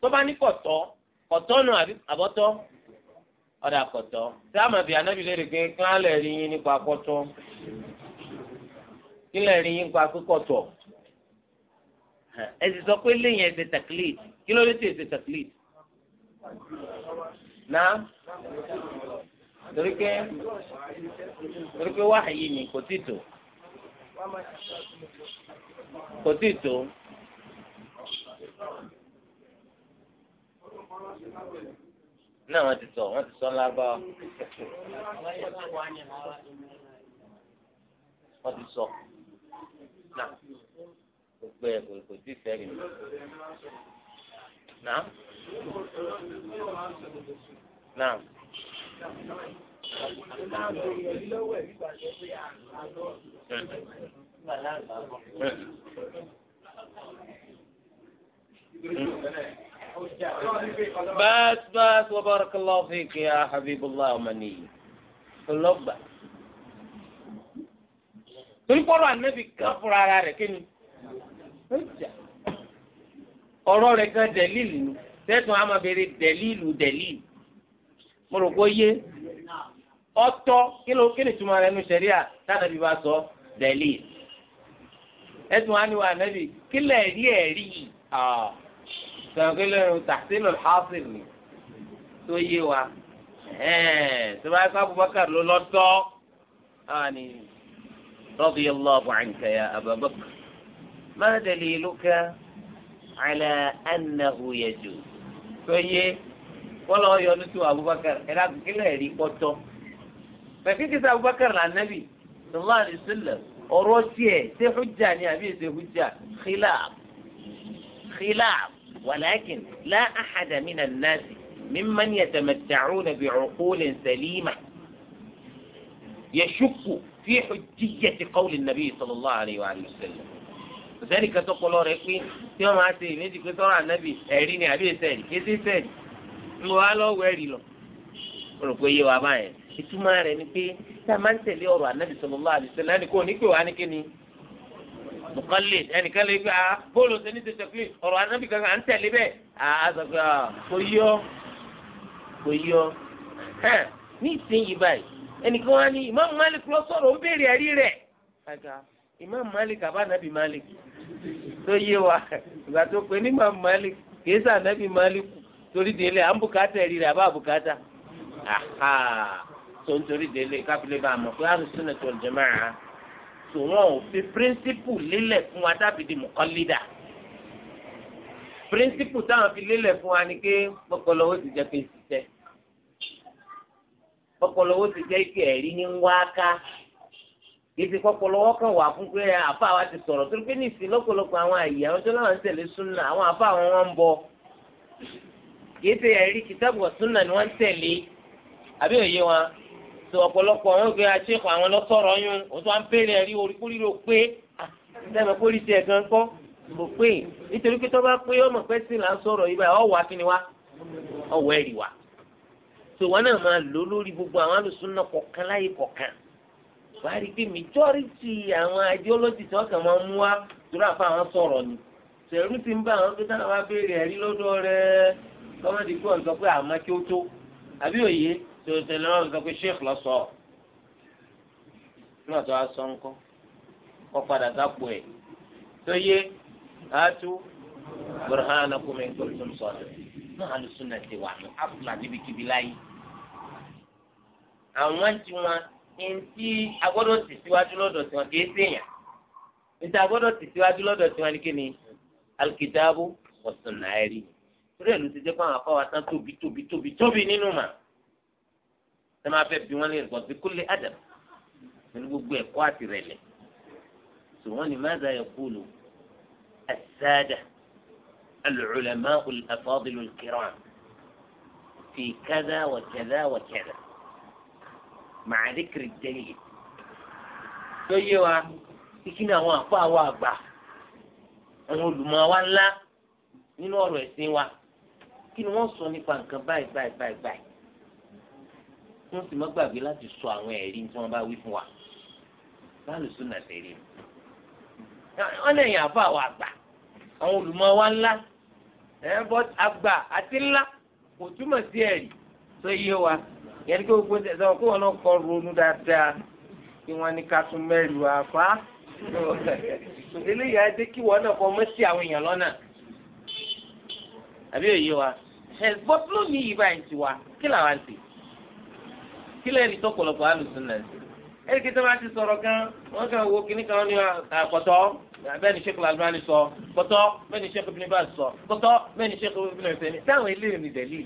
tó bá ní kọ̀ tọ́ kọ̀tọ́ nù àbọ̀tọ́ ọ̀dà kọ̀tọ́ tí a máa bí anábì lè rí kílán lè rí yín nípa kọ́tọ́ kílẹ̀ rí yín nípa kíkọ̀tọ̀ ẹ sì pé léyìn ẹsẹ̀ tàkìlìd ni kò tó náà wọ́n ti sọ wọ́n ti sọ lábá wọ́n ti sọ náà gbogbo ẹ̀ kò kò tí fẹ́ mi náà náà. mm بس بس وبارك الله فيك يا حبيب الله ọlọgba torí pọ́rọ̀ ànábì kan fúnra ara rẹ̀ kí ni ọ̀rọ̀ rẹ̀ gan dẹ̀líìlì ni tẹ́tùn á máa bèrè dẹ̀líìlù dẹ̀líìlì mo rò pé yé ọ̀tọ̀ kí ló kí ni túmọ̀ rẹ̀ nu sẹ̀ríà tánàbí bá sọ dẹ̀líìlì ẹ̀tùn á ní wa ànábì kí lẹ̀ ẹ̀rí sọ̀rọ̀kẹ́lẹ́ tàṣílù hásìl ni tó yé wa tó bá yẹ Abubakar ló lọ́tọ́ àní radiyallahu anka ya Abubakar ma daliluka ala annahu yajuz tó yé wọ́n lọ́ọ́ yọ ní tó Abubakar ẹ̀rọ àgbẹ̀kẹ́lẹ́ rí pọ́tọ́ pẹ̀kẹ́kẹ́ sọ Abubakar là nẹ́bì sallallahu alaihi wasallam ọ̀rọ̀ tiẹ̀ ṣe hujja ni àbí ṣe hujja khilaf khilaf. ولكن لا أحد من الناس ممن يتمتعون بعقول سليمة يشك في حجية قول النبي صلى الله عليه وآله وسلم ذلك تقول رأيك يوم عسير نجي كتر عن النبي أريني أبي سيري كيسي سيري لوالو ويري له olùkọ́ yé wa báyẹn ìtumọ̀ rẹ̀ ni pé tá a máa ń tẹ̀lé ọ̀rọ̀ ànábì sallallahu alaihi wasallam mùkọ́lì ẹnìkan lè gbé a bóòlù ṣe ní ṣe tẹ̀kílì ọ̀rọ̀ anábì kankan à ń tẹ̀lé bẹ́ẹ̀ a sọ pé kò yọ kò yọ ní ìsinyìí báyìí ẹnìkan wá ní ìmáàmù Malik lọ sọ̀rọ̀ ó ń béèrè ẹ̀rí rẹ̀ ìmáàmù Malik àbá anábì Malik tó yé wa ìgbà tó pé ní ìmáàmù Malik kìí sá anábì Malik torí délé à ń bùkátà ẹ̀rí rẹ̀ àbá bùkátà tó ń torí délé káfílẹ̀ bá a mọ̀ pé àrùn sunnah wal jamā'ah so wọn ò fi píríncípù lélẹ̀ fún wa dábì di mọ̀kànlídà píríncípù táwọn fi lélẹ̀ fún wa ni pé pọpọlọwọ ti jẹ́ pé ṣiṣẹ́ pọpọlọwọ ti jẹ́ pé ẹ̀rí ní ń wá ká gbèsè pọpọlọwọ kan wà fún pé àfa wa ti sọ̀rọ̀ torí pé ní ìsìn lọ́pọ̀lọpọ̀ àwọn àyè àwọn tó láwọn ń tẹ̀lé súnà àwọn àfa àwọn wọn ń bọ gbèsè ẹ̀rí kìtàbù ọ̀túnà ni wọ́n ń tẹ̀lé àbí òye wọn. tó ọpọlọpọ yóò gbé àṣekọ̀ àwọn lọ́sọ̀rọ̀ yún o tó à ń bèrè ẹ̀rí orí kúrì ló pé sẹ́mi kúrì tiẹ̀ gan kọ́ pé nítorí pé tó bá pé ọmọ pẹ́ là ń yìí báyìí wa ọ̀wọ́ ẹ̀rì wa tó wọn náà máa lò lórí gbogbo àwọn alùsùnà láyé wàá rí i pé majority àwọn ideology tí kàn máa mú wa àwọn ni ti ń bá tó tẹ̀lé náà sọ pé sheikh lọ sọ nígbà tó a sọ ńkọ́ kọ padà sápò ẹ tó yé àtú burhanakum in kuntum sadiqin náà alùsùnà ti wà ní afúnà níbikíbi láyé àwọn tí wọn ntí agbọ́dọ̀ tì síwájú lọ́dọ̀ tiwọn kì í ṣèyàn ntí agbọ́dọ̀ tì síwájú lọ́dọ̀ tiwọn ni kíni alikitaabu wa sunna ẹrí torí ẹ ló ti jẹ kó àwọn afọwọ́ tóbi tóbi tóbi tóbi nínú mà tẹ máa fẹ́ bí wọ́n lè gbọ́ sí kúlẹ̀ adam pẹ̀lú gbogbo ẹ̀kọ́ àti rẹ̀lẹ̀ tó wọ́n ní mẹ́ta yẹ kúlù as-sada al-ulama al-afadil al-kiram fi kaza wa kaza wa kaza ma'a dhikri al tó yé wa kíkí ni àwọn àpá àwọn àgbà àwọn olùmọ̀ wa ńlá nínú ọ̀rọ̀ ẹ̀sìn wa kí ni wọ́n sọ nípa nǹkan báyìí báyìí báyìí báyìí kí wọ́n sì má gbàgbé láti sọ àwọn ẹ̀rí tí wọ́n bá wí fún wa báàlù súnà tẹ̀lé wọ́n lè yàn àbá àwọn àgbà àwọn olùmọ̀ wa ńlá ẹ̀ẹ́bọ́ àgbà àti ńlá kò túmọ̀ sí ẹ̀rí tó yé wa yẹn ní kí gbogbo ẹ̀ sọ kó wọn náà kọ́ ronú dáadáa kí wọ́n ní ká tún mẹ́rin wá fa eléyìí adé kí wọn náà kọ́ mọ́ sí àwọn èèyàn lọ́nà àbí òye wa ẹ̀ bọ́ lónìí yìí báyìí ti wa kí làwọn ti kí lẹ́rìí tó kọlọ̀kọ̀ alùsùn náà sí ẹ̀ríkì tó bá ti sọ̀rọ̀ gan wọ́n kàn wo kíní kan ní àkọ́tọ́ bẹ́ẹ̀ ni Sheikh Al-Albani sọ kọ́tọ́ bẹ́ẹ̀ ni Sheikh Ibn Baz sọ kọ́tọ́ bẹ́ẹ̀ ni Sheikh Ibn Uthaymeen táwọn eléyìí ni dẹ̀lì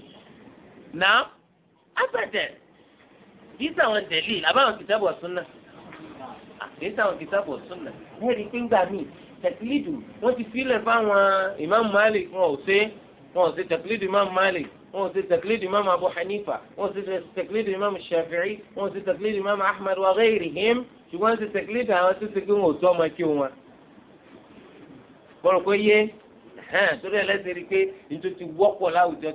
náà àbẹ̀dẹ̀ kì í sàwọn dẹ̀lì àbáwọn kìtàbù ọ̀sùnà kì í sàwọn kìtàbù ọ̀sùnà ẹ̀rí pé ńgbà míì tẹ̀kílìdù wọ́n ti sílẹ̀ fáwọn Imam Malik wọn ò ṣe wọn ò ṣe tẹ̀kílìdù Imam Malik wọn ò ṣe tẹ̀klídì imam abu hanifa wọn ò ṣe tẹ̀klídì imam shafi'i wọn ò ṣe tẹ̀klídì imam ahmad wa ghayrihim ṣùgbọ́n wọn ṣe tẹ̀klídì àwọn tó ṣe pé wọn ò tó ọmọ kí wọn. bọ́lọ̀ pé yé hàn torí ẹlẹ́sìn rí i pé nítorí ti wọ́pọ̀ láwùjọ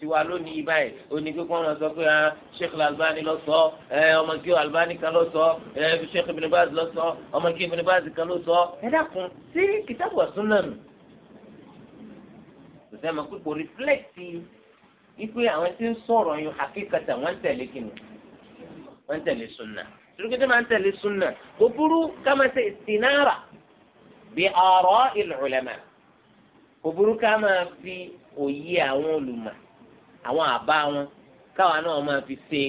tiwa lónìí báyìí òní pé kọ́ ọ́n sọ pé ah, sheikh albani lọ sọ ọmọ kí albani kan lọ sọ sheikh ibn baz lọ sọ ọmọ kí ibn baz kan lọ sọ ẹ dákun sí kìtàbù wa sunnah nù wípé àwọn tí ń sọ̀rọ̀ yín àkíkàtà wọ́n ń tẹ̀lé kìnnì wọ́n ń tẹ̀lé sunna torí tó máa ń tẹ̀lé sunna kò burú ká máa ṣe ìsìnára bí ọ̀rọ̀ ìlúlẹ̀mà kò burú ká máa fi òye àwọn olùmọ̀ àwọn àbá wọn káwa náà máa fi ṣe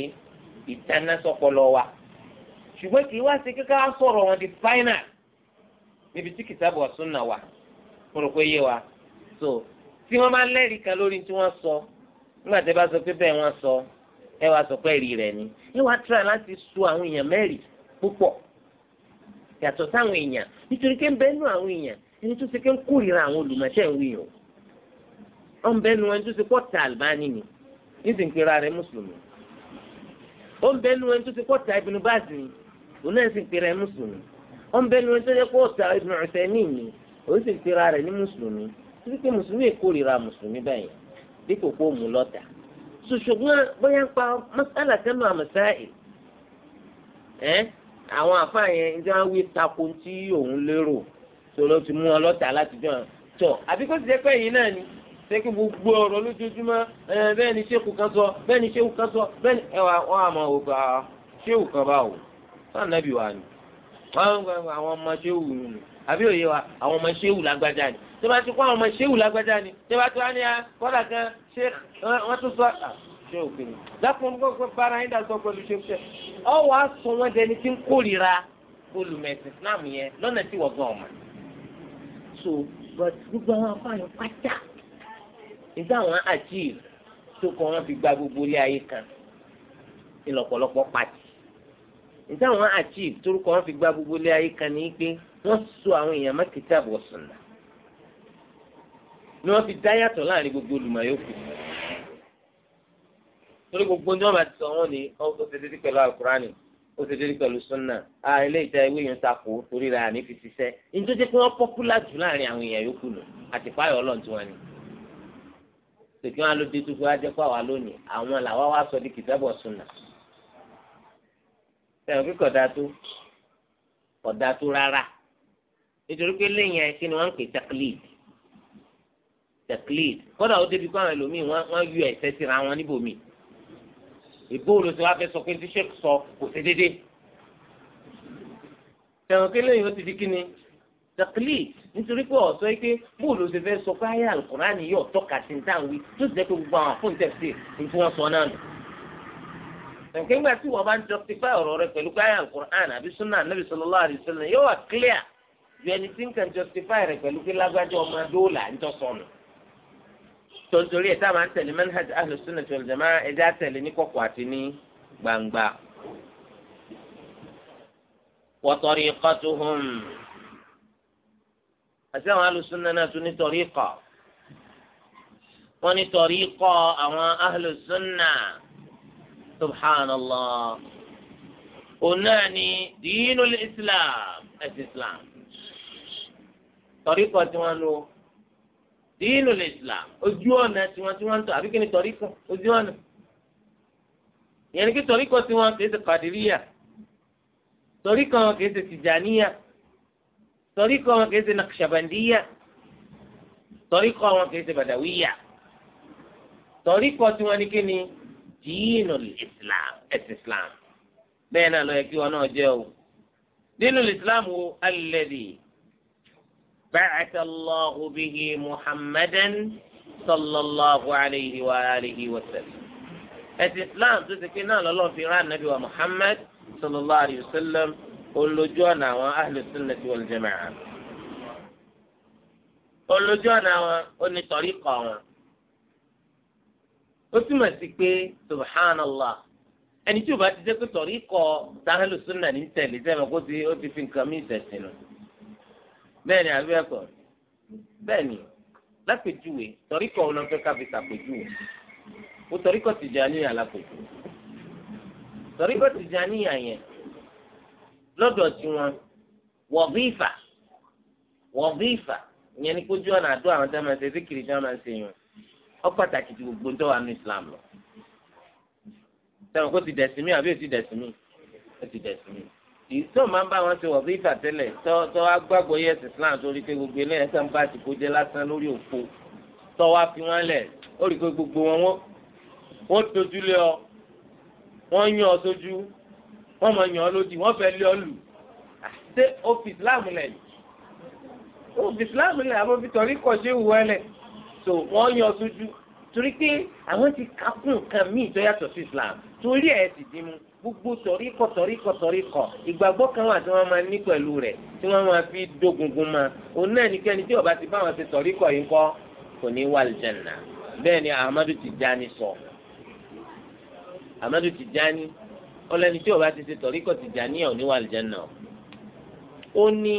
ìtanásọ́pọlọ wa ṣùgbọ́n kì í wá sí kíkà sọ̀rọ̀ wọn di final níbi tí kìtàbù wa sunna wa mo rò pé yé wa so tí wọ́n máa lẹ́rìí kan lórí tí wọ́n sọ. So, nígbà tí ẹ bá sọ pé bẹ́ẹ̀ wọ́n sọ ẹ wá sọ pé ẹ̀rí rẹ̀ ni ẹ wá tíra láti so àwọn èèyàn mẹ́rin púpọ̀ yàtọ̀ sáwọn èèyàn nítorí pé ń bẹ́ẹ̀ nù àwọn èèyàn ẹni tó ṣe pé ń kórìíra àwọn olùmọ̀ṣẹ́ ń wí o ọ ń bẹ́ẹ̀ nù ẹni tó ṣe pọ̀ tà àlùbáni ni ní sì ń pera rẹ̀ mùsùlùmí ó ń bẹ́ẹ̀ nù ẹni tó ṣe pọ̀ tà Ibn ni òun náà sì ń pera rẹ̀ mùsùlùmí ó ń bẹ́ẹ̀ nù ẹni tó ṣe pọ̀ tà Ibn dípò kó mú lọ́tà ṣùṣùgbọ́n bóyá ń pa mọ́sálà sẹ́nu àmọ̀sáì ẹ́ àwọn àfáà yẹn ń jẹ́ wí tako tí òun lérò tòló ti mú wọn lọ́tà láti jọ tọ̀ àbí kó ti jẹ́ pé èyí náà ni sẹ́kì gbogbo ọ̀rọ̀ lójoojúmọ́ bẹ́ẹ̀ ni ṣéèkù kan sọ bẹ́ẹ̀ ni ṣéèkù kan sọ bẹ́ẹ̀ ni ẹ̀wà wọn àmọ́ òkà ah, ṣéèkù kan bá wò sànàbí wa ni wọn àwọn ọmọ ṣéèkù nù àbí òye wa àwọn ọmọ ṣéwù lágbájá ni tó bá ti kó àwọn ọmọ ṣéwù lágbájá ni tó bá ti wá ní a ah, kọ́dà kan ṣé wọ́n tún sọ ah, ṣé òkè ni dákun gbọ́dọ̀ bára yín dàgbọ́ pẹ̀lú ṣé ṣe ọ wàá sọ wọn dẹni tí ń kórìíra olùmẹ̀sìn Islam yẹn lọ́nà tí wọ́n gan ọ̀mà. so but gbogbo àwọn afáàyàn pátá nígbà wọn achieve tó kọ wọn fi gba gbogbo ilé ayé kan ní pàtì níta wọn achieve torúkọ wọn fi gba gbogbo ilé ayé kan ní pé wọn so àwọn èèyàn mọ́ kìtàbù wa sunnah ni wọn fi dá yàtọ̀ láàrin gbogbo olùmọ̀ torí gbogbo ní wọn bá ti sọ wọn ni ó ṣe dédé pẹ̀lú alukurani ó ṣe dédé pẹ̀lú sunna a ilé ìta ìwé yẹn takò torí rẹ̀ àní fi ṣiṣẹ́ nítorí pé wọn pọpúlà jù láàrin àwọn èèyàn yòókù nù àti fáyọ Ọlọ́run tí wọn ni tòkí wọn ló dé tó fi wá jẹ fún àwa lónìí àwọn làwa wá sọ di kìtàbù wa ẹ̀rọ kíkọ̀ da tó kọ̀ da tó rárá nítorí pé lẹ́yìn ẹ̀ ni wọ́n ń pè taklid taklid kódà ó débi kó àwọn ẹlòmíì wọ́n yú ẹ̀sẹ̀ síra wọn níbòmí ìbò olóṣù wa fẹ́ sọ pé tí sèkù sọ kò sí déédéé ẹ̀rọ kí lẹ́yìn ó ti di kí ni taklid nítorí pé ọ̀sọ́ yìí pé bó olóṣù fẹ́ sọ pé ayé àlùkùránì yóò tọ́ka sí ní táwọn wí tó ti jẹ́ pé gbogbo àwọn fóònù tẹ̀sí nǹkan gbà tí wọ́n bá ń justify ọ̀rọ̀ rẹ pẹ̀lú pé àyà alukur'an àbí sunna anabi sallallahu alayhi wa sallam yóò wà clear ju ẹni tí nǹkan justify rẹ pẹ̀lú pé lágbájá ọmọ dóòlà ń jọ sọnù. tontorí ẹ̀ tá a máa ń tẹ̀lé manhaj ahlus sunnah wal jamaa ẹ̀dá tẹ̀lé ní kọ̀kọ̀ àti ní gbangba. wa tariqatuhum àti àwọn ahlus sunnah náà tún ní tariqa wọ́n ní tariqa àwọn ahlus sunnah. سبحان الله ونعني دين الإسلام الإسلام طريقة جوانو دين الإسلام أجوانا جوان جوان تعرف كني طريقة أجوانا يعني كي طريقة جوان كيس قادرية طريقة كيس تجانية طريقة كيس نقشبندية طريقة كيس بدوية طريقة جواني كني dínú islam ẹ̀sìn islam bẹ́ẹ̀ náà ló yẹ kí wọn náà jẹ́ o dínú islam wo alladhi ba'atha Allahu bihi muhammadan sallallahu alayhi wa alihi wa sallam ẹ̀sìn islam tó ti pé náà lọ́lọ́ fi rán anabi wa muhammad sallallahu alayhi wa sallam olójú ọ̀nà àwọn ahlu sunnati wal jama'a olójú ọ̀nà àwọn onítọ̀rí kọ̀ wọn ó túmọ̀ sí pé subhanallah ẹni tí o bá ti jẹ́ pé tọ̀rí kọ sáhẹ́lù súnà ní tẹ̀lé sẹ́mi kó ti ó ti fi nǹkan mí ìtẹ̀sìn nù bẹ́ẹ̀ ni àbí ẹ̀kọ́ bẹ́ẹ̀ ni lápèjúwe tọ̀rí kọ ọ̀nà fẹ́ káfí sàpèjúwe o tọ̀rí kọ Tìjàníyà lápèjúwe tọ̀rí kọ Tìjàníyà yẹn lọ́dọ̀ tiwọn wọ̀bífà wọ̀bífà ìyẹn ni kójú ọ̀nà àdó àwọn tẹ́ máa ń ṣe síkìrì tí ó pàtàkì ju gbogbo ń tọ́wọ́ àánú islam lọ sẹ́wọ̀n kó ti dẹ̀sí mi àbí ó ti dẹ̀sí mi ó ti dẹ̀sí mi ìtò máa ń bá wọn ṣe wọ̀bí ìfàtẹ́lẹ̀ tọ́ tọ́ agbábọ̀ yẹ islam torí pé gbogbo eléyẹn sàn bá ti kó jẹ́ lásán lórí òfo tọ́ wá fi wọ́n lẹ̀ ó rí i pé gbogbo wọn wọ́n tójú lé ọ wọ́n yàn ọ sójú wọ́n mọ̀ yàn ọ lódì wọ́n fẹ́ lé ọ lù ṣé ó fi islam lẹ̀ ó fi islam lẹ̀ àbó fi tọ̀rí kọ̀ ṣé wù wọ́n lẹ̀ so wọ́n yan sójú torí pé àwọn ti kakún nǹkan míì tó yàtọ̀ sí Islam torí ẹ̀ ti dì mú gbogbo tọ̀ríkọ̀ tọ̀ríkọ̀ tọ̀ríkọ̀ ìgbàgbọ́ kan wà tí wọ́n máa ní pẹ̀lú rẹ̀ tí wọ́n máa fi dógungun ma òun náà nìkẹ́ni tí ó ti bá wọn ṣe tọ̀ríkọ̀ yìí kọ́ kò ní wà lìjànà bẹ́ẹ̀ ni Ahmadu Tijani sọ Ahmadu Tijani ọlẹ́ni tí ó ti ṣe tọ̀ríkọ̀ Tijani ò ní wà lìjànà ó ní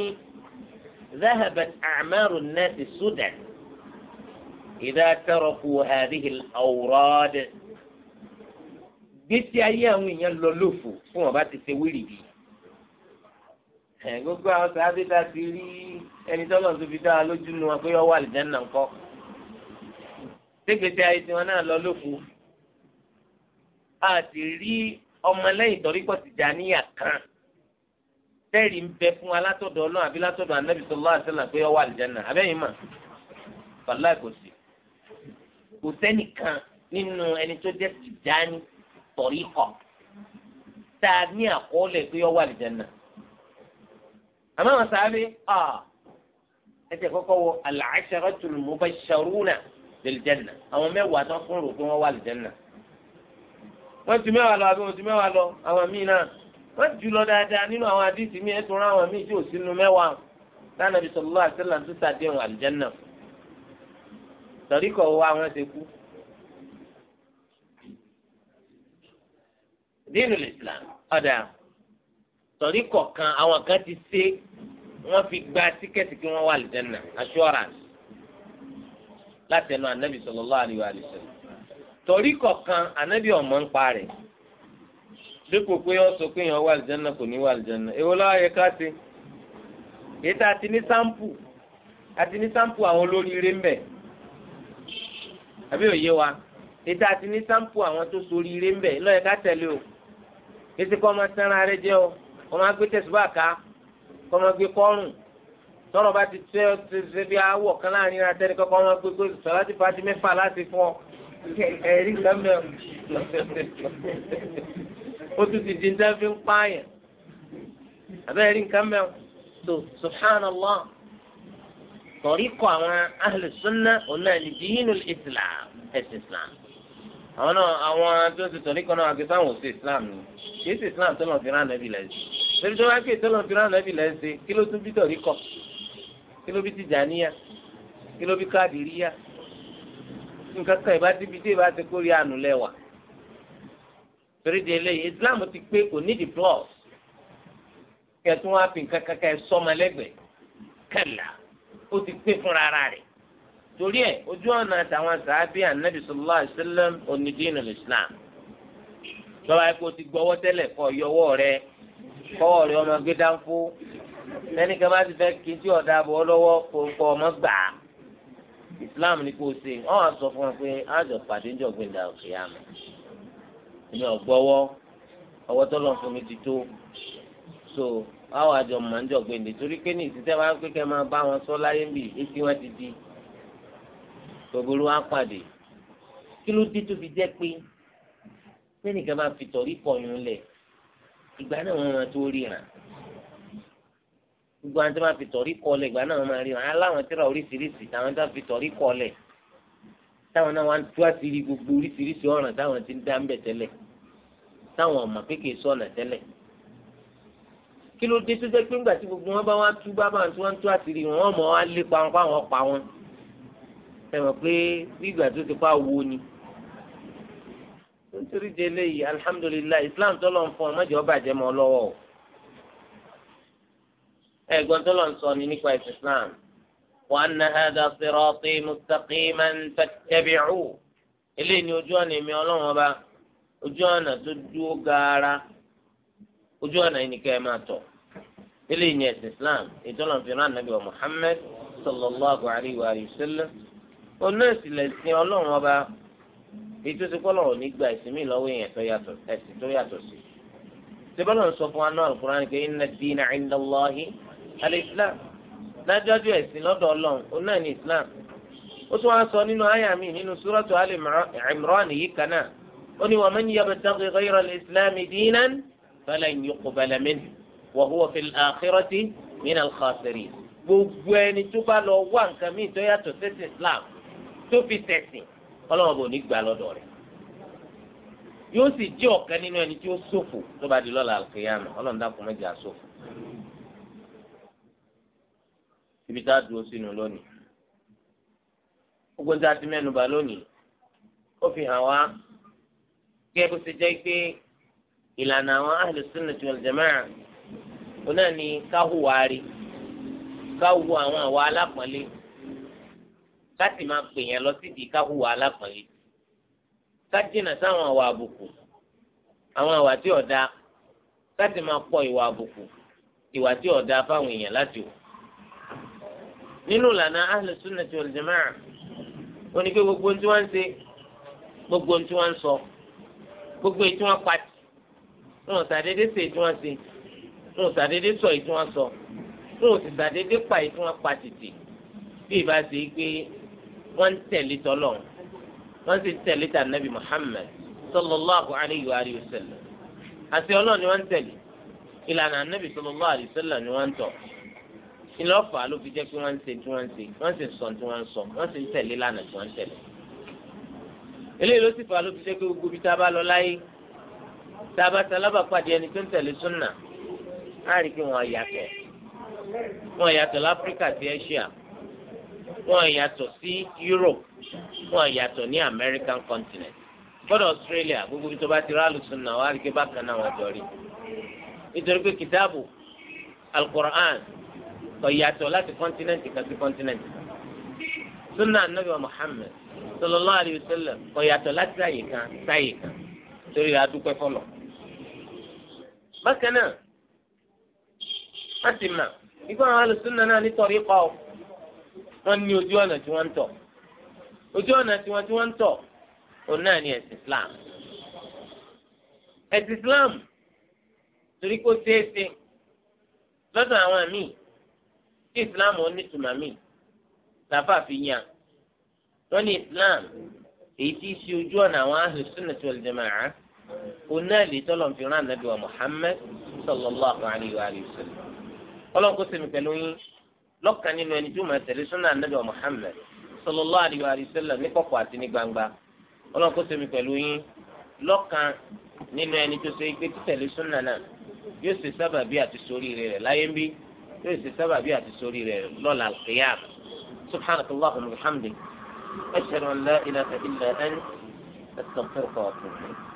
zahabat amaru nasi Sudan إذا تركوا هذه الأوراد gbèsè ayé àwọn èèyàn lọ lófo fún wọn ti ṣe wíìlì bí. gbogbo àwọn sábẹ́ ta ti rí ẹni tọ́lọ̀ tó fi dá lójú nu wọn pé ọwọ́ àlìjáná ńkọ́. ayé tiwọn náà a ti rí ọmọlẹ́yìn tọ́ríkọ̀ Tìjàníyà kan tẹ́rì ń bẹ fún alátọ̀dọ̀ ọlọ́run àbí látọ̀dọ̀ pé kò sẹ́nìkan nínú ẹni tó jẹ́ tìjáni tọ̀rí kọ̀ tá a ní àkọọ́lẹ̀ pé ó wà àlìjánnà. àmọ́ àwọn sáré ẹsẹ̀ kọ́kọ́ wọ al-asharatul mubashsharuna bil janna àwọn mẹ́wàá tó fún rò pé wọ́n wà àlìjánnà. wọ́n ti mẹ́wàá lọ àbí wọ́n ti mẹ́wàá lọ àwọn míì náà wọ́n ti jù dáadáa nínú àwọn àdìsí mi ẹ̀ tó rán àwọn míì tí ò sínú mẹ́wàá tánàbí sallallahu alaihi tọ̀ríkọ̀ wo àwọn ṣe kú. dínú Islam ọ̀dà tọ̀ríkọ̀ kan àwọn kan ti ṣe wọ́n fi gba tíkẹ́ẹ̀tì kí wọ́n wà lìjẹ́nà assurance láti ẹnu anabi sallallahu alaihi wa sallam tọ̀ríkọ̀ kan anabi ọ̀mọ́ ń pa rẹ̀ dípò pé wọ́n sọ pé èèyàn wà lìjẹ́nà kò ní wà lìjẹ́nà èwo láwọn yẹ ká ṣe èyí tá a ti ní sáǹpù a ti ní sáǹpù àwọn olóríire ń bẹ àbí òye wa ètò àti ní sáǹpù àwọn tó sori ire ń bẹ lọ́yẹ̀ ká tẹ̀lé o èsì kọ́ ọmọ sanra rẹ jẹ́ o ọmọ agbé tẹ̀síbà ká kọ́ ọmọ agbé kọ́rùn tọrọ bá ti tẹ ṣe ṣe bí awọ kan láàrin ra tẹ́lẹ̀ kọ́kọ́ ọmọ agbé sọlá ti fa ti mẹ́fà láti fún ọ ẹ̀rí sẹ́mẹ̀ o tún ti di ní tẹ́ ń pààyàn àbẹ́rẹ́ nǹkan mẹ́wọ̀n tó subhanallah tọ̀ríkọ̀ àwọn ahlu sunna ọ̀nà ni dinul islam ẹ̀sìn islam àwọn náà àwọn tí ó ti tọ̀ríkọ̀ náà àti sáwọn òsè islam ni kì í sì islam tó lọ́n fi rán nàbì lẹ́sẹ̀ torí tó wá pé tó lọ́n fi rán nàbì lẹ́sẹ̀ kí ló tún bí tọ̀ríkọ̀ kí ló bí tìjàníyà kí ló bí kádìríyà nǹkan kan ìbá ti bi tí ìbá ti kórè ànú lẹ́wà torí di eléyìí islam ti pé kò ní di plus wá fi kankan sọmọ lẹ́gbẹ̀ẹ́ ó ti pé fúnra ara rẹ̀ torí ẹ̀ ojú ọ̀nà àtàwọn sàábì ànábì sallallahu alaihi onídìínú islam lọ́wọ́ ẹ̀ kó ti gbọ́wọ́ tẹ́lẹ̀ kọ́ yọwọ́ rẹ kọ́wọ́ rẹ ọmọ gbé dáńfó lẹ́nìkan bá ti fẹ́ kí tí ọ̀dà bọ̀ lọ́wọ́ kó ọmọ gbà á islam ni kò ṣe ọ̀ wá sọ fún wọn pé àjọ pàdé ń jọ gbé ìdá òkè àmọ́ èmi ò ọwọ́ tọ́lọ́ fún mi ti tó so báwo àjọ mọ̀ ń jọ gbèndé torí pé ní ìsísẹ́ wa pé kẹ́ máa bá wọn sọ láyé ń bì etí wọn ti di gbogbo wa pàdé kí ló dé tó fi jẹ́ pé sẹ́nìkan máa fi tọ̀rí pọ̀yún lẹ̀ ìgbà náà wọ́n máa tó ríran gbogbo àwọn tó máa fi tọ̀rí kọlẹ̀ ìgbà náà wọ́n máa ríran aláwọn tíra oríṣiríṣi táwọn tó fi tọ̀rí kọlẹ̀ táwọn náà wọ́n tó àṣírí gbogbo oríṣiríṣi ọ̀ràn táwọn ti ń dá ń bẹ̀ tẹ́lẹ̀ táwọn ọ̀mọ̀ kí ló dé tó jẹ́ pé ńgbà tí gbogbo wọn bá wá tú bá bá tí wọ́n tú àtìrí wọn ọmọ wa lé pàǹpá wọn pa wọn ẹ mọ̀ pé bí ìgbà tó ti pa wo ni. nítorí délé yìí alihamudulilayi islam tọ́lọ̀ ń fún ọ mọ́jọ́ bàjẹ́ mọ́ lọ́wọ́ o. ẹ̀gbọ́n tọ́lọ̀ ń sọ ni nípa ẹ̀sìn islam. wa anna hadha sirati mustaqiman fattabi'u eléyìí ni ojú ọ̀nà èmi ọlọ́run ọba ojú ọ̀nà tó dúró gaara ojú ọ̀nà yìí ni kẹ́ ẹ máa tọ̀ ilé ìyẹn ẹ̀sìn Islam ìtọ́lọ̀ fi rán anabi wa Muhammad sallallahu alayhi wa sallam ọ̀nà ìsìlẹ̀ sin ọlọ́run ọba ètò ìsìnkọ́lọ̀ òní gba ìsinmi lọ́wọ́ èèyàn ẹ̀sìn tó yàtọ̀ sí tẹ́bọ́lọ̀ ń sọ fún wa náà alukur'an pé inna diina inda Allahi al-Islam dájọ́jú ẹ̀sìn lọ́dọ̀ ọlọ́run ọ̀nà ní Islam ó tún wá sọ nínú àyà mi nínú suratu al yìí kan náà ó ní wa man yabtaghi ghayra al-Islami diinan falan yuqbala minhu wa huwa fil akhirati minal khasirin gbogbo ẹni tó bá lọ wá nǹkan míì tó yàtọ̀ sẹ́sìn Islam tó fi tẹ̀sìn ọlọ́run bò ní gbà lọ́dọ̀ rẹ̀ yóò sì jẹ́ ọ̀kan nínú ẹni tí ó ṣòfò tó bá di lọ́la àlùkìyàmù ọlọ́run dákun má jẹ́ ibi tá a dúró sínú lónìí gbogbo tá a ti mẹ́nu bà lónìí ó fi hàn wá kí ẹ bó ṣe jẹ́ pé ìlànà àwọn ahlu sunnah wal jama'a òun náà ni káhùwárí káhù àwọn àwa alápọ̀nlé káti máa pè yẹn lọ síbi káhùwà alápọ̀nlé kájìnà sáwọn àwa àbùkù àwọn àwa tí ọ̀dà káti máa pọ̀ ìwà àbùkù ìwà tí ọ̀dà fáwọn èèyàn láti wò. nínú ìlànà ahlu sunnah wal jama'a ó ní pé gbogbo ohun tí wọ́n ń ṣe gbogbo ohun tí wọ́n ń sọ gbogbo ohun tí wọ́n pati wọn ò sàdédé ṣe tí wọ́n ṣe wọn ò sàdédé sọ èyí tí wọ́n sọ wọn ò sì sàdédé pa èyí tí wọ́n pa tìtì bí ìbá ṣe pé wọ́n ń tẹ̀lé tọ́lọ̀ sì ń tà nàbì Muhammad sallallahu alayhi wa sallam àti ọlọ́run ni wọ́n ń tẹ̀lé ìlànà nàbì sallallahu alayhi wa sallam ni wọ́n ń tọ̀ ìlọ́fà ló fi jẹ́ pé wọ́n ń ṣe tí wọ́n ń ṣe wọ́n sì ń sọ tí wọ́n ń sọ wọ́n sì ń lánàá tí wọ́n ń eléyìí ló sì fà ló fi jẹ́ pé gbogbo ibi tá a bá lọ láyé tabatalaba pàdé ẹni tó ń tẹ̀lé súnà á rí i pé wọ́n yàtọ̀ wọ́n yàtọ̀ láfíríkà sí asia wọ́n yàtọ̀ sí europe wọ́n yàtọ̀ ní american continent gbọ́dọ̀ australia gbogbo ibi tó bá ti rà lùsùnà wọ́n á rí i pé bákan náà wọ́n jọ rí nítorí pé kìtáàbù alukur'an ó yàtọ̀ láti continent kan sí continent súnà anabi wa muhammed sallallahu alayhi wa sallam ó yàtọ̀ láti àyè kan sáyè kan torí adúpẹ́ fọlọ̀. bákan náà wọ́n ti mà ikú àwọn alùsùnà náà nítorí pa ọ́ wọ́n ní ojú ọ̀nà tí wọ́n ń tọ̀ ojú ọ̀nà tí wọ́n tí wọ́n ń tọ̀ òun náà ni ẹ̀sìn Islam ẹ̀sìn Islam torí kó ṣeé ṣe lọ́dọ̀ àwọn míì tí Islam ò ní tùmà míì làbá fi yàn wọ́n ní Islam èyí tí í ṣe ojú ọ̀nà àwọn ahlùsùnà wal jamā'ah onáà lè tọ́lọ̀ fi rán anabi wa Muhammad sallallahu alayhi wa sallam ọlọ́run kó sèmi pẹ̀lú yín lọ́kàn nínú ẹni tó máa tẹ̀lé súnà anabi wa Muhammad sallallahu alayhi wa sallam ní kọ̀kọ̀ àti ní gbangba ọlọ́run kó sèmi pẹ̀lú yín lọ́kàn nínú ẹni tó ṣe pé títẹ̀lé súnà náà yóò ṣe sábàbí àti sórí rẹ̀ láyé ń bí yóò ṣe sábàbí àti sórí rẹ̀ lọ́la al-qiyam subhanaka allahumma wa bihamdik ashhadu an la ilaha illa anta astaghfiruka wa atubu ilayk